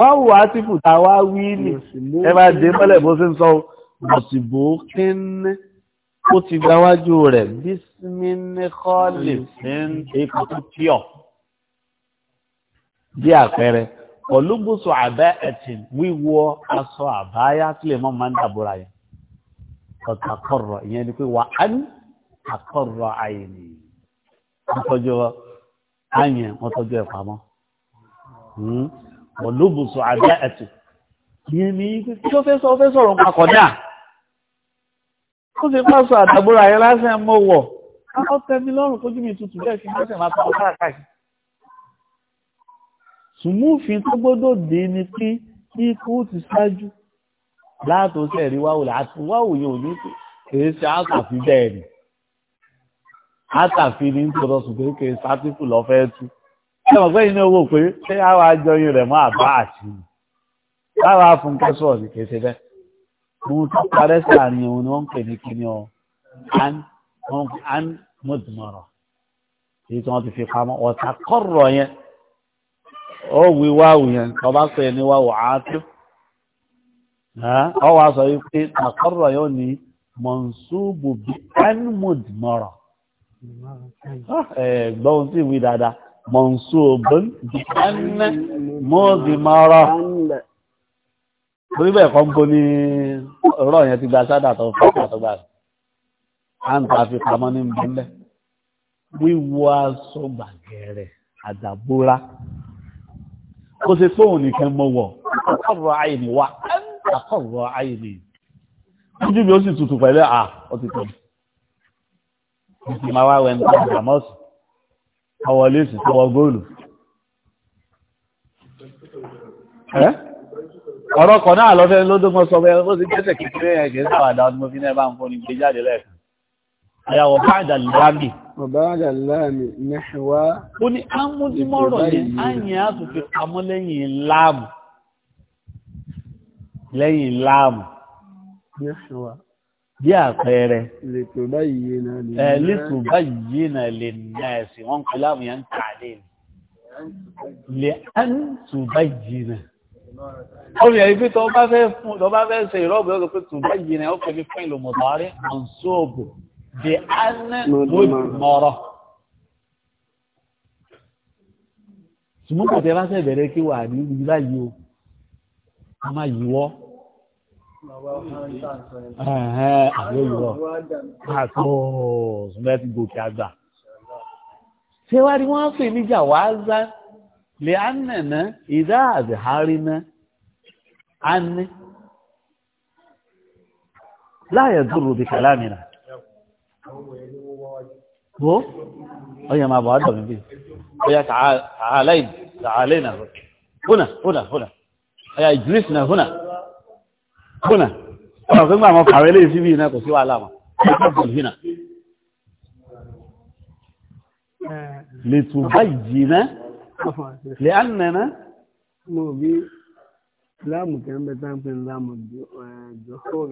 wọ́n wù á tí fùtà wá wí nì ẹ bá dé mọ́lẹ̀ bó ṣe ń sọ bọ̀tìbò kí ní ó ti gbáwájú rẹ̀ bísímíníkọ́lì fún èkó tó bí àpẹẹrẹ olúgbòsò àbẹ́ ẹ̀tìn wíwọ aṣọ àbáyá tí lè mọ́ máa ń dàbúrà yẹn ọ̀tà kọ̀rọ̀ ìyẹn ni pé wà á ní àkọ̀rọ̀ àyìnì wọ́n tọ́jú àyìn wọ́n tọ́jú ẹ̀ pamọ́. Hmm? ọlọ́bùsọ àdá ẹ̀tù yẹn mi kí ó fẹ́ sọ ó fẹ́ sọ̀rọ̀ nípa kọ̀dá ó sì bá sọ àdàgbòrò àyẹ lásán mọ́ wọ̀ ó tẹ́mi lọ́rùn kójú mi tutù bẹ́ẹ̀ fi lọ́sẹ̀ máa tọ́ káàkiri sùmúfin tó gbọ́dọ̀ dé ni pé kí kó ti ṣáájú látòsẹ̀ rí wáwò láti wáwò yẹn ò ní pé kìí ṣe àtàfi bẹ́ẹ̀ ni àtàfi ní tọ́lọ́sùn pé kìí ṣáàtìkù lọ́fẹ́ tú ẹ mọ̀ pé inú owó pé ṣé àwọn àjọyìn rẹ̀ mọ́ àbá àti láwọn afúnkẹ́sọ̀ ní kéṣe bẹ́ẹ̀ ohun tó parẹ́ sàárín òun ni wọ́n ń pè ní kíní ọ an mọ̀dùmọ̀rọ̀ èyí tí wọ́n ti fi pamọ́ ọ̀tà kọ́rọ̀ yẹn ó wí wáwù yẹn tó bá pè ní wáwù àátú ọ wá sọ wípé àkọ́rọ̀ yóò ní mọ̀nsúbù bí an mọ̀dùmọ̀rọ̀ gbọ́n sí ìwé dáadáa mọ̀nsóòbùn bí ẹnẹ́ mọ́ọ̀dìmọ́ra torí bẹ́ẹ̀ kọ́ ń bo ní ọ̀rọ̀ yẹn ti gba sádà tó fọ́pọ̀ tó gbà rẹ̀ à ń ta fi pamọ́ ní ìbílẹ̀ wíwọ aṣọ gbàgẹ̀rẹ̀ àdàbúrà kó ṣe pé òun nìkan mọ wọ̀ àkọ́rọ̀ ayé ni wá àkọ́rọ̀ ayé ni ojú mi ó sì tutù pẹ̀lú à ó ti tẹ̀ mi. Ìgbìmọ̀ wa wẹ̀ ń tọ́jú àmọ́sùn àwọ̀ lẹ́sì tó wọ góòlù ọ̀rọ̀ kan náà lọ́fẹ́ lódógún sọ pé ó ti gẹ́sẹ̀ kékeré ẹ̀ kìí sàwàdà ọdún mo fi náà bá ń fọ́ni gbé jáde lẹ́ẹ̀kan àyàwó báàdà bí àpẹẹrẹ. lẹ́tò báyìí náà lè nẹ́ẹ̀sì. lẹ́tò báyìí náà lè nẹ́ẹ̀sì wọ́n ń pè láàmú yẹn ń tà lé mi. lè án tù báyìí náà. ọ̀rọ̀ yẹn ibi tó bá fẹ́ fún tó bá fẹ́ ṣe ìrọ́bù yóò pé tù báyìí náà ó fẹ́ fún ìlú mọ̀tàrí àǹsóòbù lè án mọ̀rọ̀. sùmọ́kùtì ẹ bá fẹ́ bẹ̀rẹ̀ kí wà ní ibi báyìí o àlóyìnbó àtúnṣe bẹ́ẹ̀ ti gòkè àgbà. ṣé wàá rí wọ́n pè níjà wàá zá lè ánàná ìdá àbíháríná ánì láyé dúró bí kàlámìnà. Wo? Ọyẹ máa bọ̀ á dọ̀mí bí. Ọyẹ tààlẹ́ tààlẹ́ náà. Húnà, húnà, húnà. Ọyẹ Ìdírísì náà húnà kúnà ọ̀rọ̀ pé gbàmọ́ fàwẹ́ lè sí bí iná kò sí wà láwọn ọ̀pọ̀lùfínà lè tún bá ìjìnà lè ánìyàn mo bí láàmù kẹ́mbẹ́ táńpẹ́ láàmù jọ̀hóòd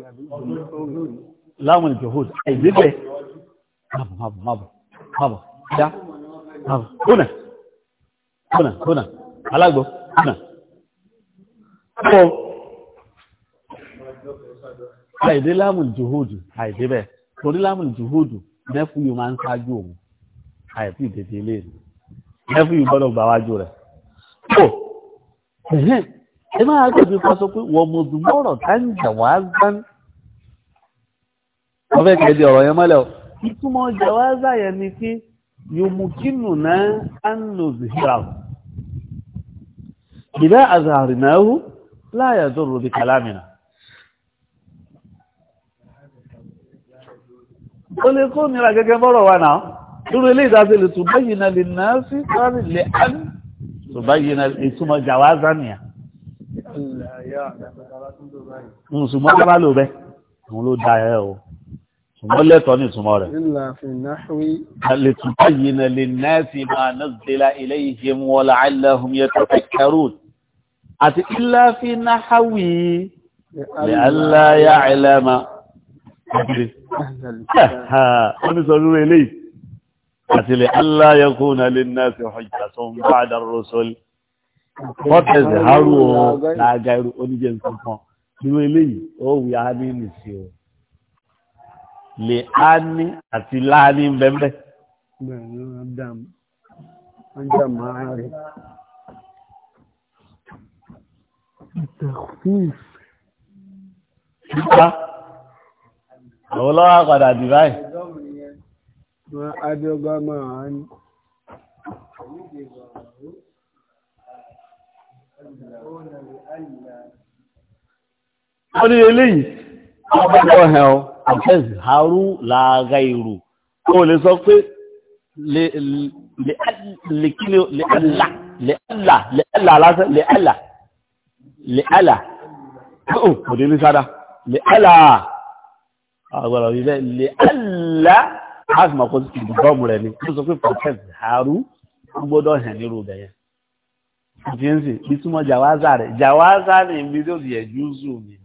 àìdé láàmù jùhúdù àìdé bẹ́ẹ̀ torí láàmù jùhúdù nẹ́fúyù máa ń ṣáájú òun àìsí ìdèdè ilé rẹ̀ nẹ́fúyù gbọ́dọ̀ gbà wájú rẹ̀. tó ẹ̀hẹ́n ẹ máa gbèbí kan sọ pé wọ́n mo dùn mọ́rọ̀ tá ń jà wá gbán. wọ́n fẹ́ kéde ọ̀rọ̀ yẹn mọ́lẹ̀ o ìtumọ̀ jàwáza yẹn ni pé yomukinu náà á ń lò ìdá àzàrìnàhù láyà zọrọ bí kàlámìnà ó lè kó nira gẹ́gẹ́ bọ́rọ̀ wa náà lórí ilé ìdásí lè tún báyìí náà lè náà sí sáré lè án tún báyìí náà ìtumọ̀ jàwá zania. ṣùgbọ́n bá lò bẹ́ òun ló da ẹ o ṣùgbọ́n lẹ́tọ̀ọ́ ní ìtumọ̀ rẹ̀. lè tún báyìí náà lè náà sí máa nàzẹ́lá ilé ìhìm wọlé aláhùn yẹn tó fẹ́ kẹrù àti ilá fi náà háwì lè alá yà ẹlẹ́mà wọ́n ní sọ rúrú eléyìí àtìlẹ̀ aláyẹkùn alẹ́ náà fi ọjà tó ń bá àdá rọ́sọ́l fọ́tẹ̀sì harú ọ̀rọ̀ láàgá irú oníjẹ́ nǹkan kan irú eléyìí ó wù á ní àwọn ọlọ́wà padà dì báyìí. Adéọba máa ń. Wọ́n ní eléyìí, ọgbọ́dọ̀ ọ̀hẹ́ ọ, àfẹ́sì harú làága ìrù. Ó lè sọ pé lẹ́ẹ̀lá lẹ́ẹ̀lá lẹ́ẹ̀lá lásán lẹ́ẹ̀lá lẹ́ẹ̀lá. kò dé ní sára lẹ́ẹ̀lá agbára orí bẹ́ẹ̀ lè àlá asùnmọ̀ kó ti bọ́ọ̀mù rẹ̀ ni ó sọ pé prophet haru ń gbọ́dọ̀ hàn nírú ibẹ̀ yẹn àti ń sè ìtumọ̀ jàwáza rẹ̀ jàwáza ni ibi tó ti yẹ júùsù mi ń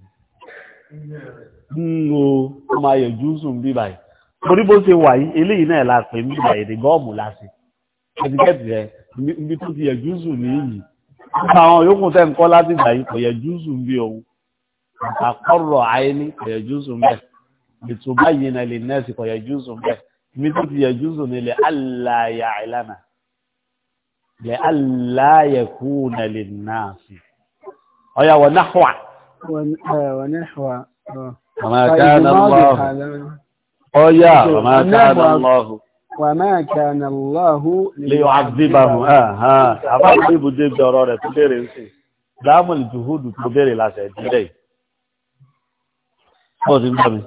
hmm, o ó máa yẹ júùsù mi báyìí torí bó ṣe wà yìí eléyìí náà la pè mí ní bọ́ọ̀mù la ṣe ẹtikẹ́tì ibi tó ti yẹ júùsù mi yìí nípa àwọn yòókù tẹ́ ń kọ́ láti gbà yìí kò yẹ júùsù mi òun àkọ́rọ̀ ayé ní kò yẹ júùsù mi bẹ́ẹ̀ litubayyina linnasi kò yajuzu bẹ́ẹ̀ ibi tó ti yajuzu ni lè alla ya'lama lè alla yakuna linnasi ọ̀yà wọ̀ náhùwà. wọ̀ náhùwà. ọ̀mà kánà lọ́hù. ọ̀yà ọ̀mà kánà lọ́hù. وما كان الله ليعذبهم اه ها ابا ibùdó dọ̀rọ̀ rẹ̀ tó bẹ̀rẹ̀ nsi damul juhud tó bẹ̀rẹ̀ la ṣe dire o tin bá mi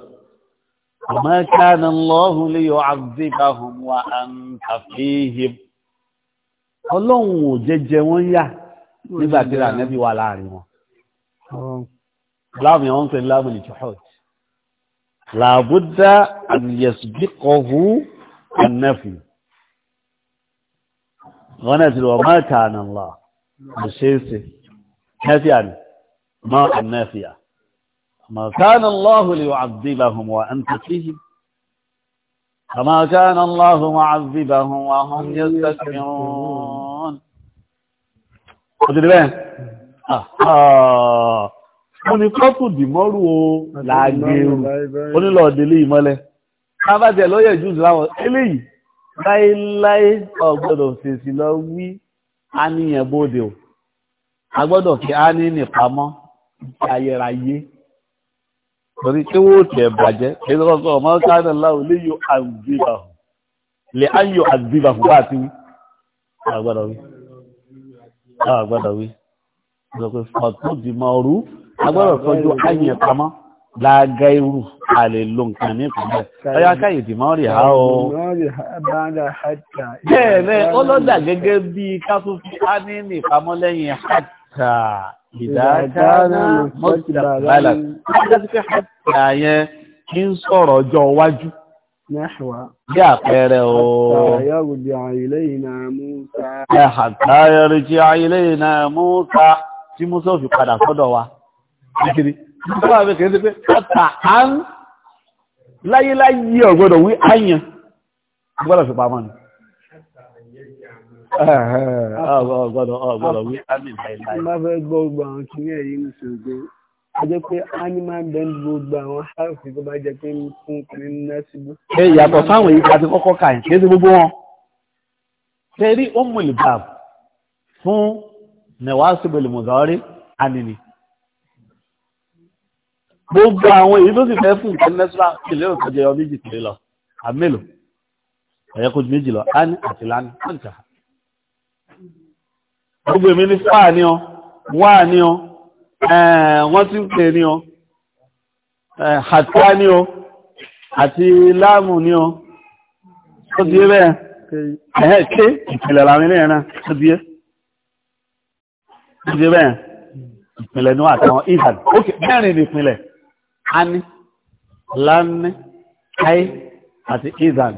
وما كان الله ليعذبهم وأنت فيهم ọlọ́run ò jẹjẹ wọ́n yá nígbà tí ra nẹ́bí wà láàrin wọn láàmì àwọn pẹ̀lú láàmì jihad làbúdá àyẹ̀sùgbìkọ̀hù ànẹ́fì wọ́n náà ti lọ máa kàánà lọ àṣẹ́ṣe nẹ́fíà ni máa ànẹ́fíà ما كان الله ليعذبهم وأنت فيهم فما كان الله معذبهم وهم يستكبرون قدر بيه mo ni kọ́pù dìmọ́rù o làgbèrú onílọ̀ọ̀dẹ́lé ìmọ́lẹ̀ abájẹ́ lọ́yẹ̀ jù láwọn eléyìí láéláé ọ̀gbọ́dọ̀ fèsì lọ wí àníyàn bóde o agbọ́dọ̀ kí á ní nìpamọ́ ayérayé torí tí wọ́n tẹ̀ bàjẹ́ ẹ̀rọ ọ̀sán ọmọ káàdà láwọn lè yọ àgbébàhù lè á yọ àgbébàhù bá ti wí àgbàdà wí àgbàdà wí sọ pé fọ́tún di máa rú agbọ́dọ̀ tọ́jú àyẹ̀ pamọ́ láàgá irú àlè ló nǹkan ní ìpínlẹ̀ ọyá káyè dì máa rí ha o. bẹ́ẹ̀ bẹ́ẹ̀ ó lọ́jà gẹ́gẹ́ bíi ká tún fi á ní ìpamọ́ lẹ́yìn hàtà ìdáadáa mọ́tìlára àyẹn kí ń sọ̀rọ̀ ọjọ́ iwájú bí àpẹẹrẹ ooo àtàyẹrì tí ayílé náà Mùsá tí Mùsá ò fi padà sọ́dọ̀ wa nítorí Mùsá àbẹ́ kìí sí pé ọ̀tà án láyéláyé ọ̀gbọ́dọ̀ wí áyàn gbọ́dọ̀ fi pamọ́ ni ọgbọ́dọ̀ ọgbọ́dọ̀ wí ámì láìláì. má fẹ́ gbọ́ gbogbo àwọn kiri ẹ̀yìn nìṣòro a jẹ́ pé animal bend gbogbo àwọn harfi tó bá jẹ́ pé ń fún kiri nẹ́sìbú. ṣe yàtọ̀ sáwọn èyí àti kọ́kọ́ kà yìí kéde gbogbo wọn. ṣe rí omulibab umm fún nawasibul muzari anini. gbogbo àwọn èyí tó sì fẹ́ fún kiri nẹ́sìbá kìlẹ̀ òkè jẹyọ méjì kìlẹ̀ lọ àmì mélòó ẹ̀yẹ́kọ̀ọ́ méjì lọ ani àti lánìí gbogbo èmi ní sáà ní ọ wà ní ọ wọ́n ti ń pè ní ọ eh, hàtá ní ọ àti láàmù ní ọ tó di bẹ́ẹ̀ ẹ̀hẹ́ ké ìpìlẹ̀ làwọn ilé ẹ̀ràn tó di tó di bẹ́ẹ̀ ìpìlẹ̀ ní àtàwọn ìhàn ókè mẹ́rin ní ìpìlẹ̀ a láàmì káí àti ìhàn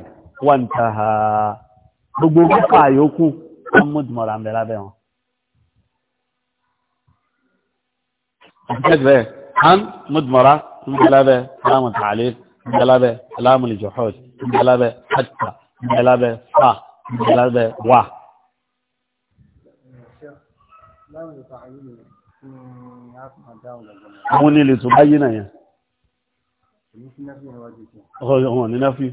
wà ní tàhà gbogbo mẹ́fà yòókù ọmọdùmọ̀ràn bẹ̀rẹ̀ bẹ̀rẹ̀ wọn احتاج بقى عن مدمرة انقلابة كلام التعليل انقلابة كلام الجحود انقلابة حتى انقلابة صح انقلابة واه àwọn ilé tó báyé náà yẹn ọ̀hún ní náà fi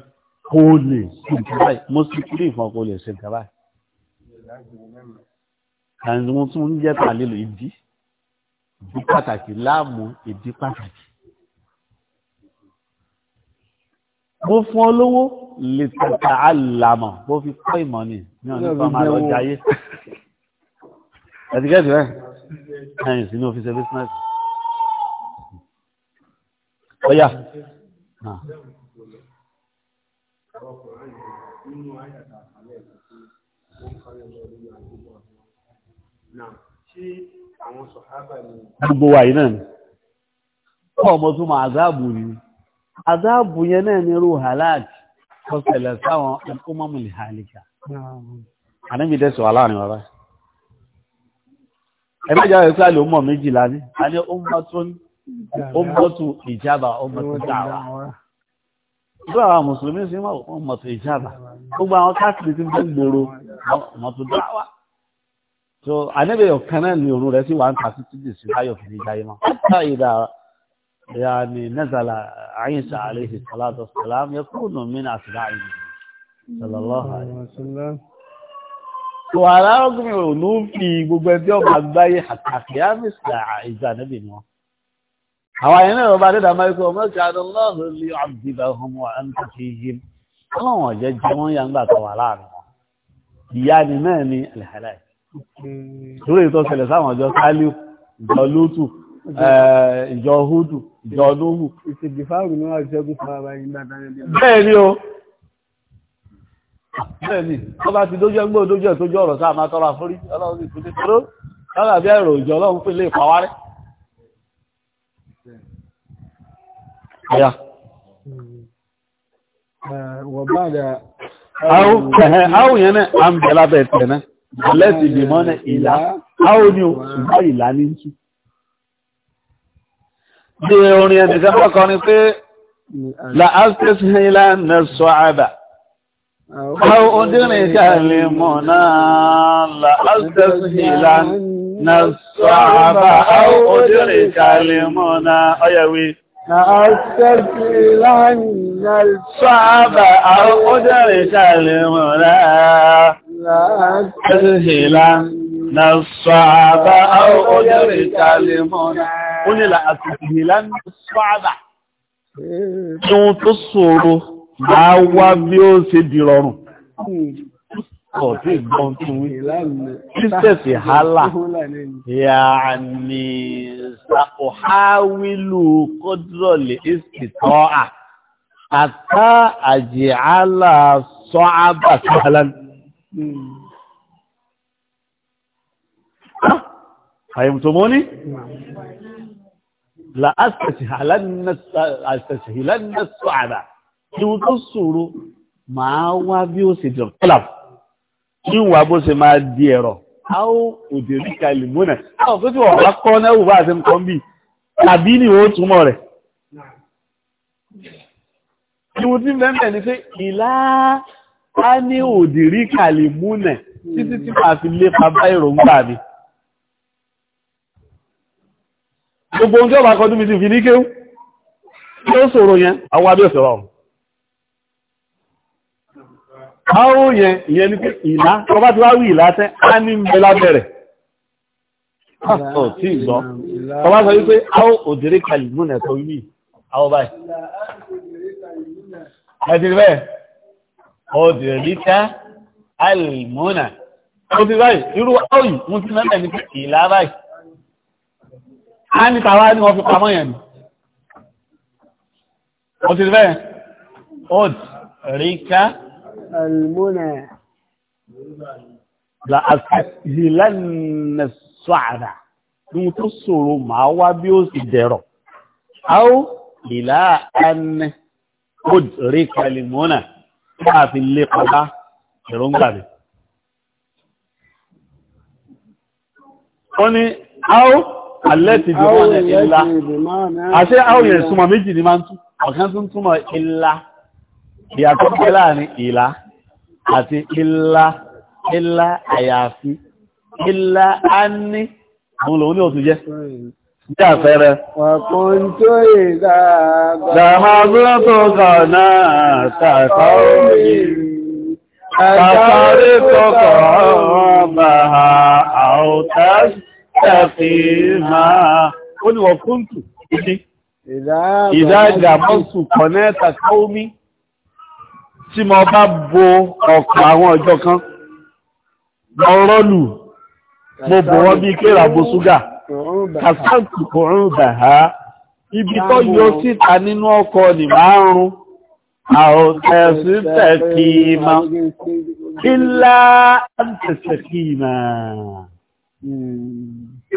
kó lè sí ìkàbáì mọ́sílì ìfọn kó lè sí ìkàbáì àìsàn tún ń jẹ́ tàlélò ìdí ìdí pàtàkì láàmú ìdí pàtàkì. mo fún ọ lówó lè tẹ̀ka àlàmọ̀ bó fi kọ́ ìmọ̀ ni ní ọ̀nà ìfọ̀ máa lọ jayé. ẹ̀dígẹ́dì rẹ̀ ẹ̀yìn sínú ọ́fíìsì bísínẹ́sì. ọ̀yà. Now gbogbo wa yìí náà ni ọmọ tó máa azáàbù ni azáàbù yẹn náà ni irú halaki ọ̀sẹ̀lẹ̀ sáwọn ẹ̀kọ́mọ́mùlì halika àníbi dẹ́sọ̀ aláàrin ọ̀rá ẹgbẹ́jà rẹ̀ pé àlè ọmọ méjìlá ní a ní ọmọtò ìjábà ọmọtò dáwà gbogbo àwọn mùsùlùmí sí ọmọtò ìjábà gbogbo àwọn káàkiri tí ń gbòòrò ọmọtò dáwà so ànábì ọ̀kan náà ni òun rẹ̀ sí wà ń ta sí títí sí láyọ̀ fi ní jáyé mọ́ tá ìdá ya ni nazala àyíṣà alayhi salatu salam yẹ kúrò min àṣìlá àyíṣà sallallahu alayhi wa sallam so ara ọgbìn òun fi gbogbo ẹbí ọba gbáyé àtàkì àmìsà ìjà ànábì ni wọn àwọn àyìn náà ọba dídá máa kọ ọmọ ìjà adọlọ́hùn lè ọ̀dìbà ọmọ àǹtà fi yé ọlọ́wọ̀n jẹ́ jẹ́ wọ́n yà ń gbà tọ̀ wà láàrin wọn ìyá ni náà ni alhàlàyé lórí ìtọ́ ṣẹlẹ̀ sáwọn ìjọ sálíù ìjọ lótù eh, ìjọ húdù ìjọ nóhù. ìṣègbè fáwọn ní wàá bẹ́ẹ̀ ni o bẹ́ẹ̀ ni wọ́n ọ̀rọ̀ sáà máa ọlọ́run bí ẹ̀rọ ìjọ lẹ́sì bímọ́ ní ìlà áó ní ṣùgbọ́n ìlà ní ń tú. Bí orin ẹni tẹ́ fọ́kọ́ ni pé láàásílẹ̀sì ìlà ní sọ àbà. Áó odínrin kàlẹ̀ mọ̀ náà láàásílẹ̀sì ìlà ní sọ àbà. Áó odínrin kàlẹ̀ mọ̀ náà ọyẹ̀wé. Láàásílẹ̀sì ìlà ní sọ àbà. Áó odínrin kàlẹ̀ mọ̀ náà tẹ́lẹ̀hìlánà sọ́àbá ọjọ́rẹ̀ ìtàlẹ̀ mọ́ra. Ó nílà àtìhìlánà sọ́àbá. Ohun tó ṣòro máa wá bí ó ṣe di rọrùn. Ọ̀tí ìgbọ́n tún wí. Kírísẹ̀sì hálà. Yàní ṣàkóháwílù kọ́dúrọ̀lì Àtá àjẹ́ hálà sọ́àbà sọ́àlánì fahimtumuni hmm. la astahilan na sọ́ada kí wọ́n tó sòrò máa wá bí ó sì jọ kọ́làp kí wà bó ṣe máa di ẹ̀rọ áó òdè ríka ìlúmọ́nà áó tó tí wọ́n wá kọ́ náà wà sí nǹkan bí tàbí ni ó túmọ̀ rẹ̀ kí wọ́n tí mẹ́mẹ́ ni pé ìlàá a ní òdìrí kàlì múnẹ̀ títí tí màá fi lépa bá èròǹgbà mi gbogbo ohun tí ọba kọjú mi ti fi ní kéwú tí ó sọ̀rọ̀ yẹn àwọn abẹ́ òṣèrọ̀ àwọn yẹn ìyẹn ní pé ìlà ọba tí wá wí ìlà tẹ́ a ní ń bẹ lábẹ́rẹ̀ pásítọ̀ tí ìgbọ́ ọba sọ wípé àwọn òdìrí kàlì múnẹ̀ tó wí àwọn báyìí ọdìrìlíkà alìmọ́nà ó ti báyìí irú ọ̀yìn mú sí mẹ́mẹ́ ní ìlà báyìí a ní tàwà ní wọ́n fi pamọ́ yẹn ni ó ti bẹ́ẹ̀ ọdìrìlíkà alìmọ́nà la àfihìlànà sọ́àdà ní tó sọ̀rọ̀ máa wá bí ó sì dẹ̀rọ̀ áó ìlà àánẹ́ ọdìrìlíkà alìmọ́nà máa fi lé pàdá èròǹgbà rẹ̀. wọ́n ní áó àlẹ́tì bí wọ́n ní ilá àṣẹ áó yẹ̀ súnmọ̀ méjì ní máa ń tún ọ̀kan tún túnmọ̀ ilá ìyàtọ̀ pẹ́ láàrin ìlà àti ilá ilá àyàfi ilá á ní àwọn olóòtú jẹ́ bí àfẹ́rẹ́. Wàkóńtó ìdá Dàmà gbọ́tò kọ̀nà tàfà omi. Àtàrí kọkọ̀ ọba àwọ̀tá tàfí máa. Ó ní wàkóńtù ìdí. Ìdá ìdàmọ́sù kọ̀nà tàfà omi. Tí mo bá bo ọkọ̀ àwọn ọjọ́ kan, mo rọ́lù, mo bò wọ́n bí kéèrà ṣúgà kàfáǹtì kòrún bàá ibi tó yọ síta nínú ọkọ̀ ní márùn-ún àwọ̀tẹ̀sí tẹ̀kì ma ilá tẹ̀sẹ̀kì ma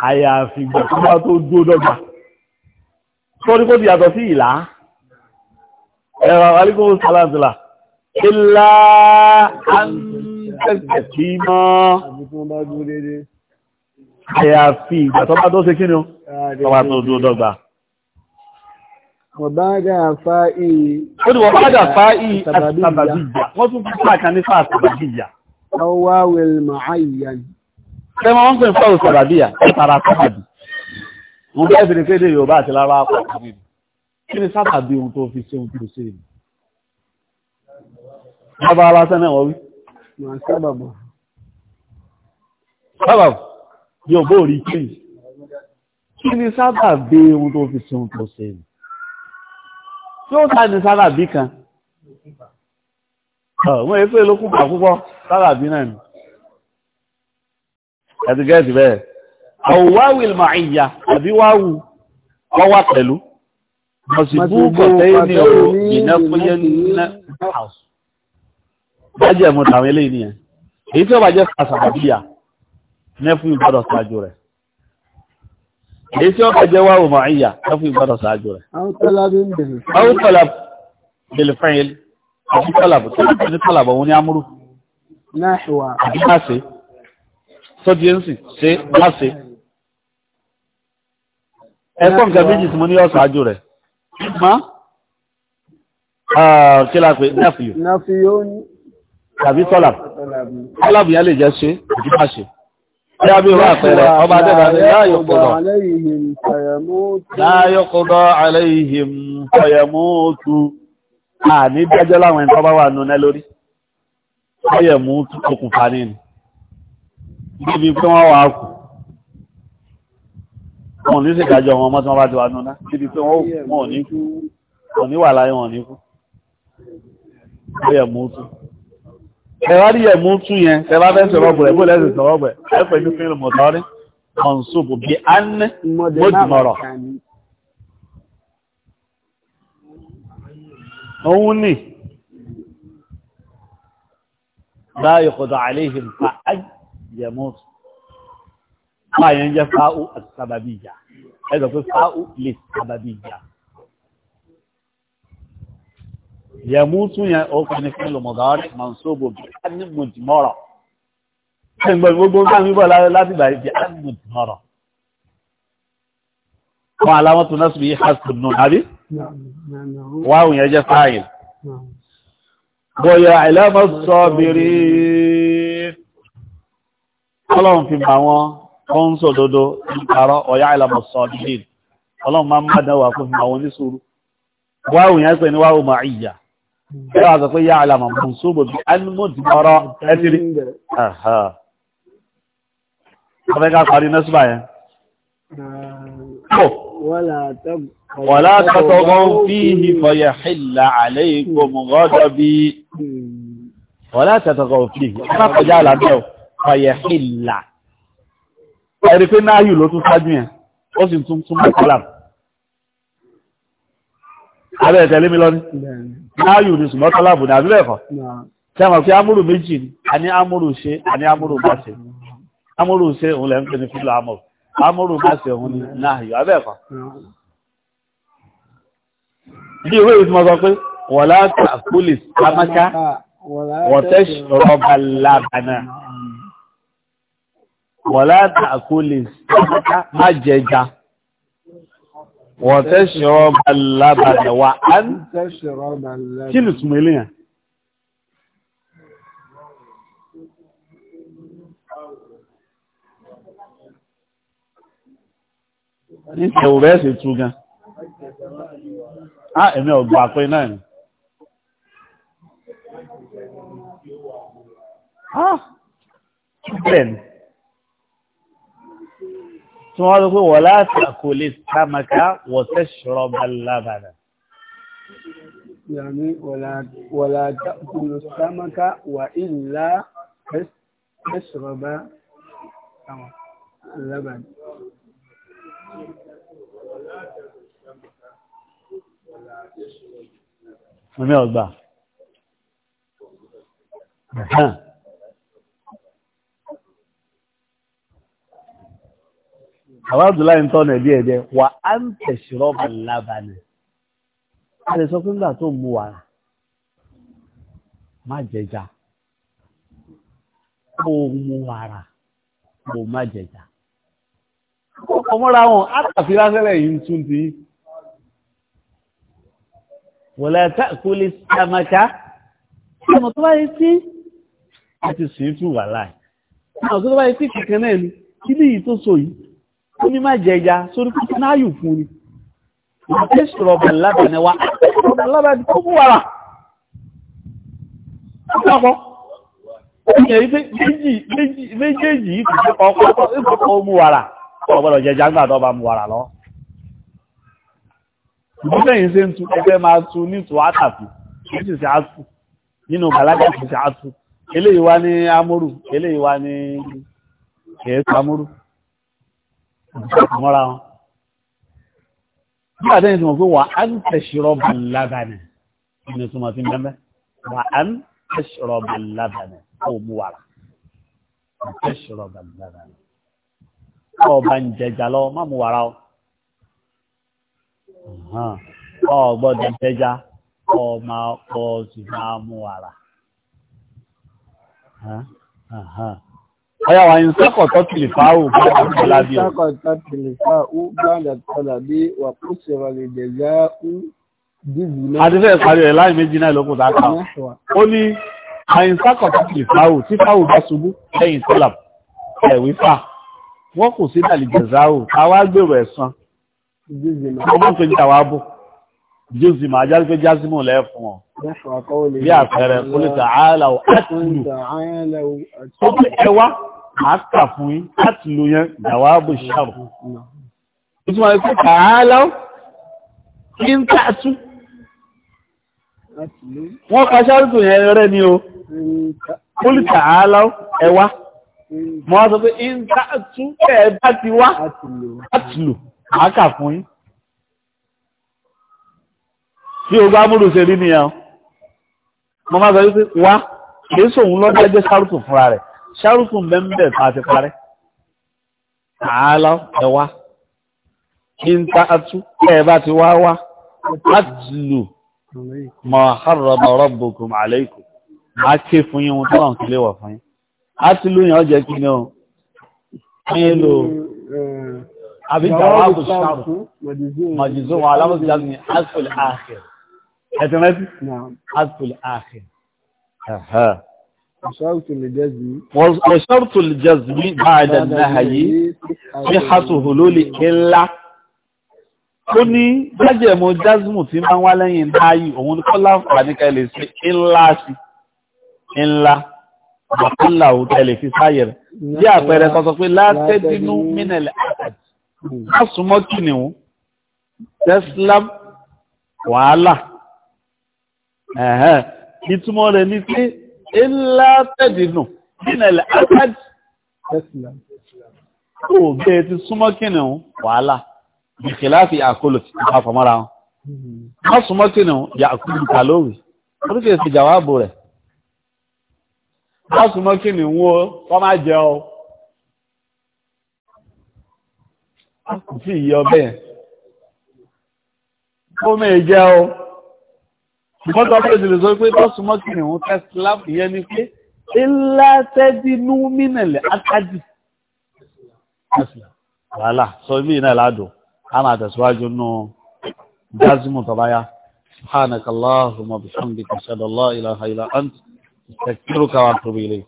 àyàfi gbẹ̀kúmá tó dó dọ́gba sọ́rí kó ti sí ìlà ẹ̀rọ alíkò sálàtìlà ilá tẹ̀sẹ̀kì ma àyàfi ìgbà tó bá tó ṣe kí ni ah, ó ọwà tó dúró dọ́gba ọ̀bájá fáì àtàbàbíjà wọ́n tún fún àkà ní fà àtàbàbíjà ọwá wil ma'ayyan tẹ́mọ́ wọ́n pè fọ́ òsàbàbíyà látara sábàbí wọ́n bẹ́ẹ̀ fi ní kéde Yorùbá àti lára kí ni sábàbí ohun tó fi ṣe ohun tó ṣe ni bàbá alásán náà wọ́n wí sábàbù yóò bó rí kí kí ni sábà bí ohun tó fi sí ohun tó ṣe ni tí ó sáà ní sábà bí kan wọ́n èé pé ló kúpa púpọ̀ sábà bí náà ni ẹ̀tù gẹ́ẹ̀tì bẹ́ẹ̀ àwòwáwì ìlmọ̀ ìyà àbí wáwù ọwà pẹ̀lú bájẹ̀ mọ̀ tàwọn eléyìí nìyẹn èyí tí ó bá jẹ́ sàṣàbíyà nẹ́fù ìgbọ́dọ̀ ṣáájú rẹ̀ èyí tí ó kẹjẹ wà wò máa yà nẹ́fù ìgbọ́dọ̀ ṣáájú rẹ̀ àwọn tọ́lá bèlè fẹ́yìn àti tọ́lá bò tó ní tọ́lá bò wọn ní amúrú àti má ṣe sọ́díẹ́nsì ṣe má ṣe ẹ̀kọ́ nǹkan tàbí tọ́lá tọ́lá bìyàn lè jẹ́ ṣe àti ṣe. Ọjá bí wà pẹ̀rẹ̀, ọba dẹ́bà ní láyọ̀kọ̀dọ̀ aláìhìm fọyẹ̀mútù. À ní dájọ́ láwọn ẹ̀ntọ́ bá wà núnẹ́ lórí. Fọyẹ̀mútù okùnfà ní ni. Níbi pé wọ́n wà kù. Wọ́n ní sì dájọ́ wọn mọ́ ẹ̀wárí yẹ̀ mú tún yẹn ẹ̀wá fẹ́ sọ̀rọ̀ bọ̀ ẹ̀ bó lẹ́sẹ̀ sọ̀rọ̀ bọ̀ ẹ̀ pẹ̀lú fílmù mọ̀tọ́rí mọ̀nsóbò bí a ní mọ́jùmọ̀rọ̀ òun ní láyé kọ̀dọ̀ àléhìn fa ajẹ́mọ́t máa yẹn jẹ́ fáú àti sábàbíjà ẹ̀dọ̀ pé fáú lè sábàbíjà yẹmútú yẹn ọkọ̀ ní fún lọmọdárì mansobo bí animudimọrọ ẹgbẹ́ gbogbo náà wíwọ láti bàyí bí animudimọrọ wọn aláwọ tó náà sùn yìí hasbun nù àbí wáwùn yẹn jẹ fáyìn bọyọ àìlẹmọ sọ bìrì Ọlọ́run fi mà wọn ó ń sọ dodo níparọ ọyá àìlẹmọ sọ bìrì Ọlọ́run máa ń dánwà fún àwọn oníṣòro wáwùn yẹn pè ní wáwùn màá ẹ wá sọ pé yá àlàmà mùsùlùmù bí alimọ̀tì ọ̀rọ̀ ẹtìrí ọ̀fẹ́ ká parí nọ́sùbà yẹn. wọ́lá tọ́tọ́gọ́ fi ìfọyẹ̀ hìlà àlẹ́ ikú mọ̀gọ́dọ̀ bí wọ́lá tọ́tọ́gọ́ fi ìfọkàkọjá àlàbẹ̀ fọyẹ̀ hìlà ẹ̀rí pé náà yìí ló tún sáájú yẹn ó sì tún tún mọ́ abẹ́ tẹ̀lé mi lọ́ní láàyò ní ṣùgbọ́n tọ́láàbù ní àbílẹ̀ ẹ̀kọ́ tẹ́mọ̀ fi amúrù méjì ní a ní amúrù ṣe a ní amúrù bá ṣe amúrù ṣe òun lẹ́ ń pè ní fílà amọ̀ amúrù bá ṣe òun ní láàyò abẹ́ ẹ̀kọ́ bí ìwé ìtumọ̀ sọ pé wọ̀lá kúlì amáká wọ̀tẹ́ rọ̀bà lábàánà wọ̀lá kúlì amáká má jẹja وتشرب اللبن وأن تشرب اللبن كيلو اسمه إليه ní ẹ̀wò bẹ́ẹ̀ sì tú gan á ẹ̀mí ọ̀gbà pé náà ni á ثم هذا يقول ولا تأكل السمك وتشرب اللبن يعني ولا ولا تأكل السمك وإلا تشرب اللبن ولا ولا تأكل تشرب اللبن àwọn abdullahi ń tọ́nà ẹ̀bí ẹ̀jẹ̀ wà á ń tẹ̀sírọ́ balabani a lè sọ pé nígbà tó mu wàrà má jẹjà kó o mu wàrà kó o má jẹjà ọkọ̀ mọ́ra wọn àtàfi lásẹ̀lẹ̀ yìí ń tún ti wọlé kúlí sàmàkà ọmọ tó bá yẹ sí àti sùn tún wà ọmọ tó bá yẹ sí kankan náà ni kí ni yìí tó so yìí ó ní má jẹ ẹja sórí kúkú náà yù fún ni ìtẹ́sùrọ̀bà lábàánẹ́ wa lábàánẹ́ tó fún wàrà ọ̀pọ̀ tó mú wàrà nínú bàlágà sí átù eléyìí wá ní amúrù eléyìí wá ní kẹ̀ẹ́sì amúrù mọ́ra wọn bí àtẹ́yìn tí wọ́n fi wà á ń tẹ̀ṣirọ́ bá lábàánẹ̀ nínú tí wọ́n fi mẹ́mẹ́ wà á ń tẹ̀ṣirọ́ bá lábàánẹ̀ kó mú wàrà tẹ̀ṣirọ́ bá lábàánẹ̀ kọ́ bá ń jẹjà lọ má mú wàrà o ọ gbọ́dọ̀ jẹjà kọ́ máa kọ́ sí máa mú wàrà. Ọya wà ní sọ́kọ̀tọ́ tìlì fáwù bá àtọ́lá bí. Sọ́kọ̀tọ́ tìlì fáwù wa àtọ́lá bí wà kó sọ̀rọ̀ lè dẹ̀gá ń dìbò náà. Adéfẹ́ rẹ̀ láì méjì náà lókun tá a kà. Ó ní àyìn sọ́kọ̀tọ́ tìlì fáwù tí fáwù bá ṣubú lẹ́yìn tọ́lá ẹ̀wí fà. Wọ́n kò sí dàlí jẹ̀záwù káwá gbèrò ẹ̀san. Ọmọ pé ní tàwa bù. Jósì máa já pé jásímù lẹ́fún ọ. Bí àpẹẹrẹ, kólítà áàlà ọ̀ máa kà fún yín láti lo yẹn dàwáàbò ṣàrù ìtumọ̀ ẹ̀ pé kàálà kí ń tààtú wọ́n pa ṣàrùtò yẹn rẹ̀ ni o kólì kàálà ẹwà mọ́ wá sọ pé ń tààtú ẹ̀ bá ti wá láti lò máa kà fún tí o bá múlù ṣe rí nìyẹn mo máa sọ wípé wá kìí sóhun lọ́dájẹ́ sárùtù fúnra rẹ̀ ṣárùkù mẹ́mbẹ̀ àti parẹ́ àálá ẹwà ìntà àtú ẹ̀bá ti wá wá àtìlù mọ̀ harrama rabbukum alaykum a ké fún yín wọn tọ́lọ̀ kílé wà fún yín àtìlù yàn jẹ́ kí ní o nílò àbí jàwábù ṣárùkù mọ̀jìzó ẹ̀tẹ̀mẹ́tì àtìlù àkhir وشرط الجزم وشرط الجزم بعد النهي صحة حلول إلا ó ní májẹ̀mú jazmu tí máa ń wá lẹ́yìn náàyì òun kọ́ láǹfààní ká lè ṣe ńlá sí ńlá àkọ́là òun ká lè fi sáyẹ̀ rẹ̀ bí àpẹẹrẹ kan sọ pé látẹ́dínú mínẹ̀lẹ̀ àkàtì lásùmọ́ kìnìún teslam wàhálà ìtumọ̀ rẹ̀ ni pé ilá tẹ́dínù nínẹ̀lẹ̀ akájì tó bẹ́ẹ̀ ti súnmọ́ kìnìún wàhálà ìkìláàfi àkólò ti bá fọmọ́ra wọn wọ́n súnmọ́ kìnìún yà àkúrú kàlórí oríṣìí ti jàwábò rẹ̀ wọ́n súnmọ́ kìnìún wo wọ́n máa jẹ ọ kò sí ìyọ bẹ́ẹ̀ ó mẹ́ jẹ́ ọ wọ́n tọ́ pé ìdílé sọ pé tó súnmọ́ kí ni wọ́n fẹ́ slap ìyẹn ni pé ńlá tẹ́dínú mínàlẹ̀ ákádì wàhálà sọ mí náà ládùn a máa tẹ̀síwájú nù jazimu tọ́báyá subhanakallahumma bihamdika ashhadu an la ilaha illa anta astaghfiruka wa atubu ilayk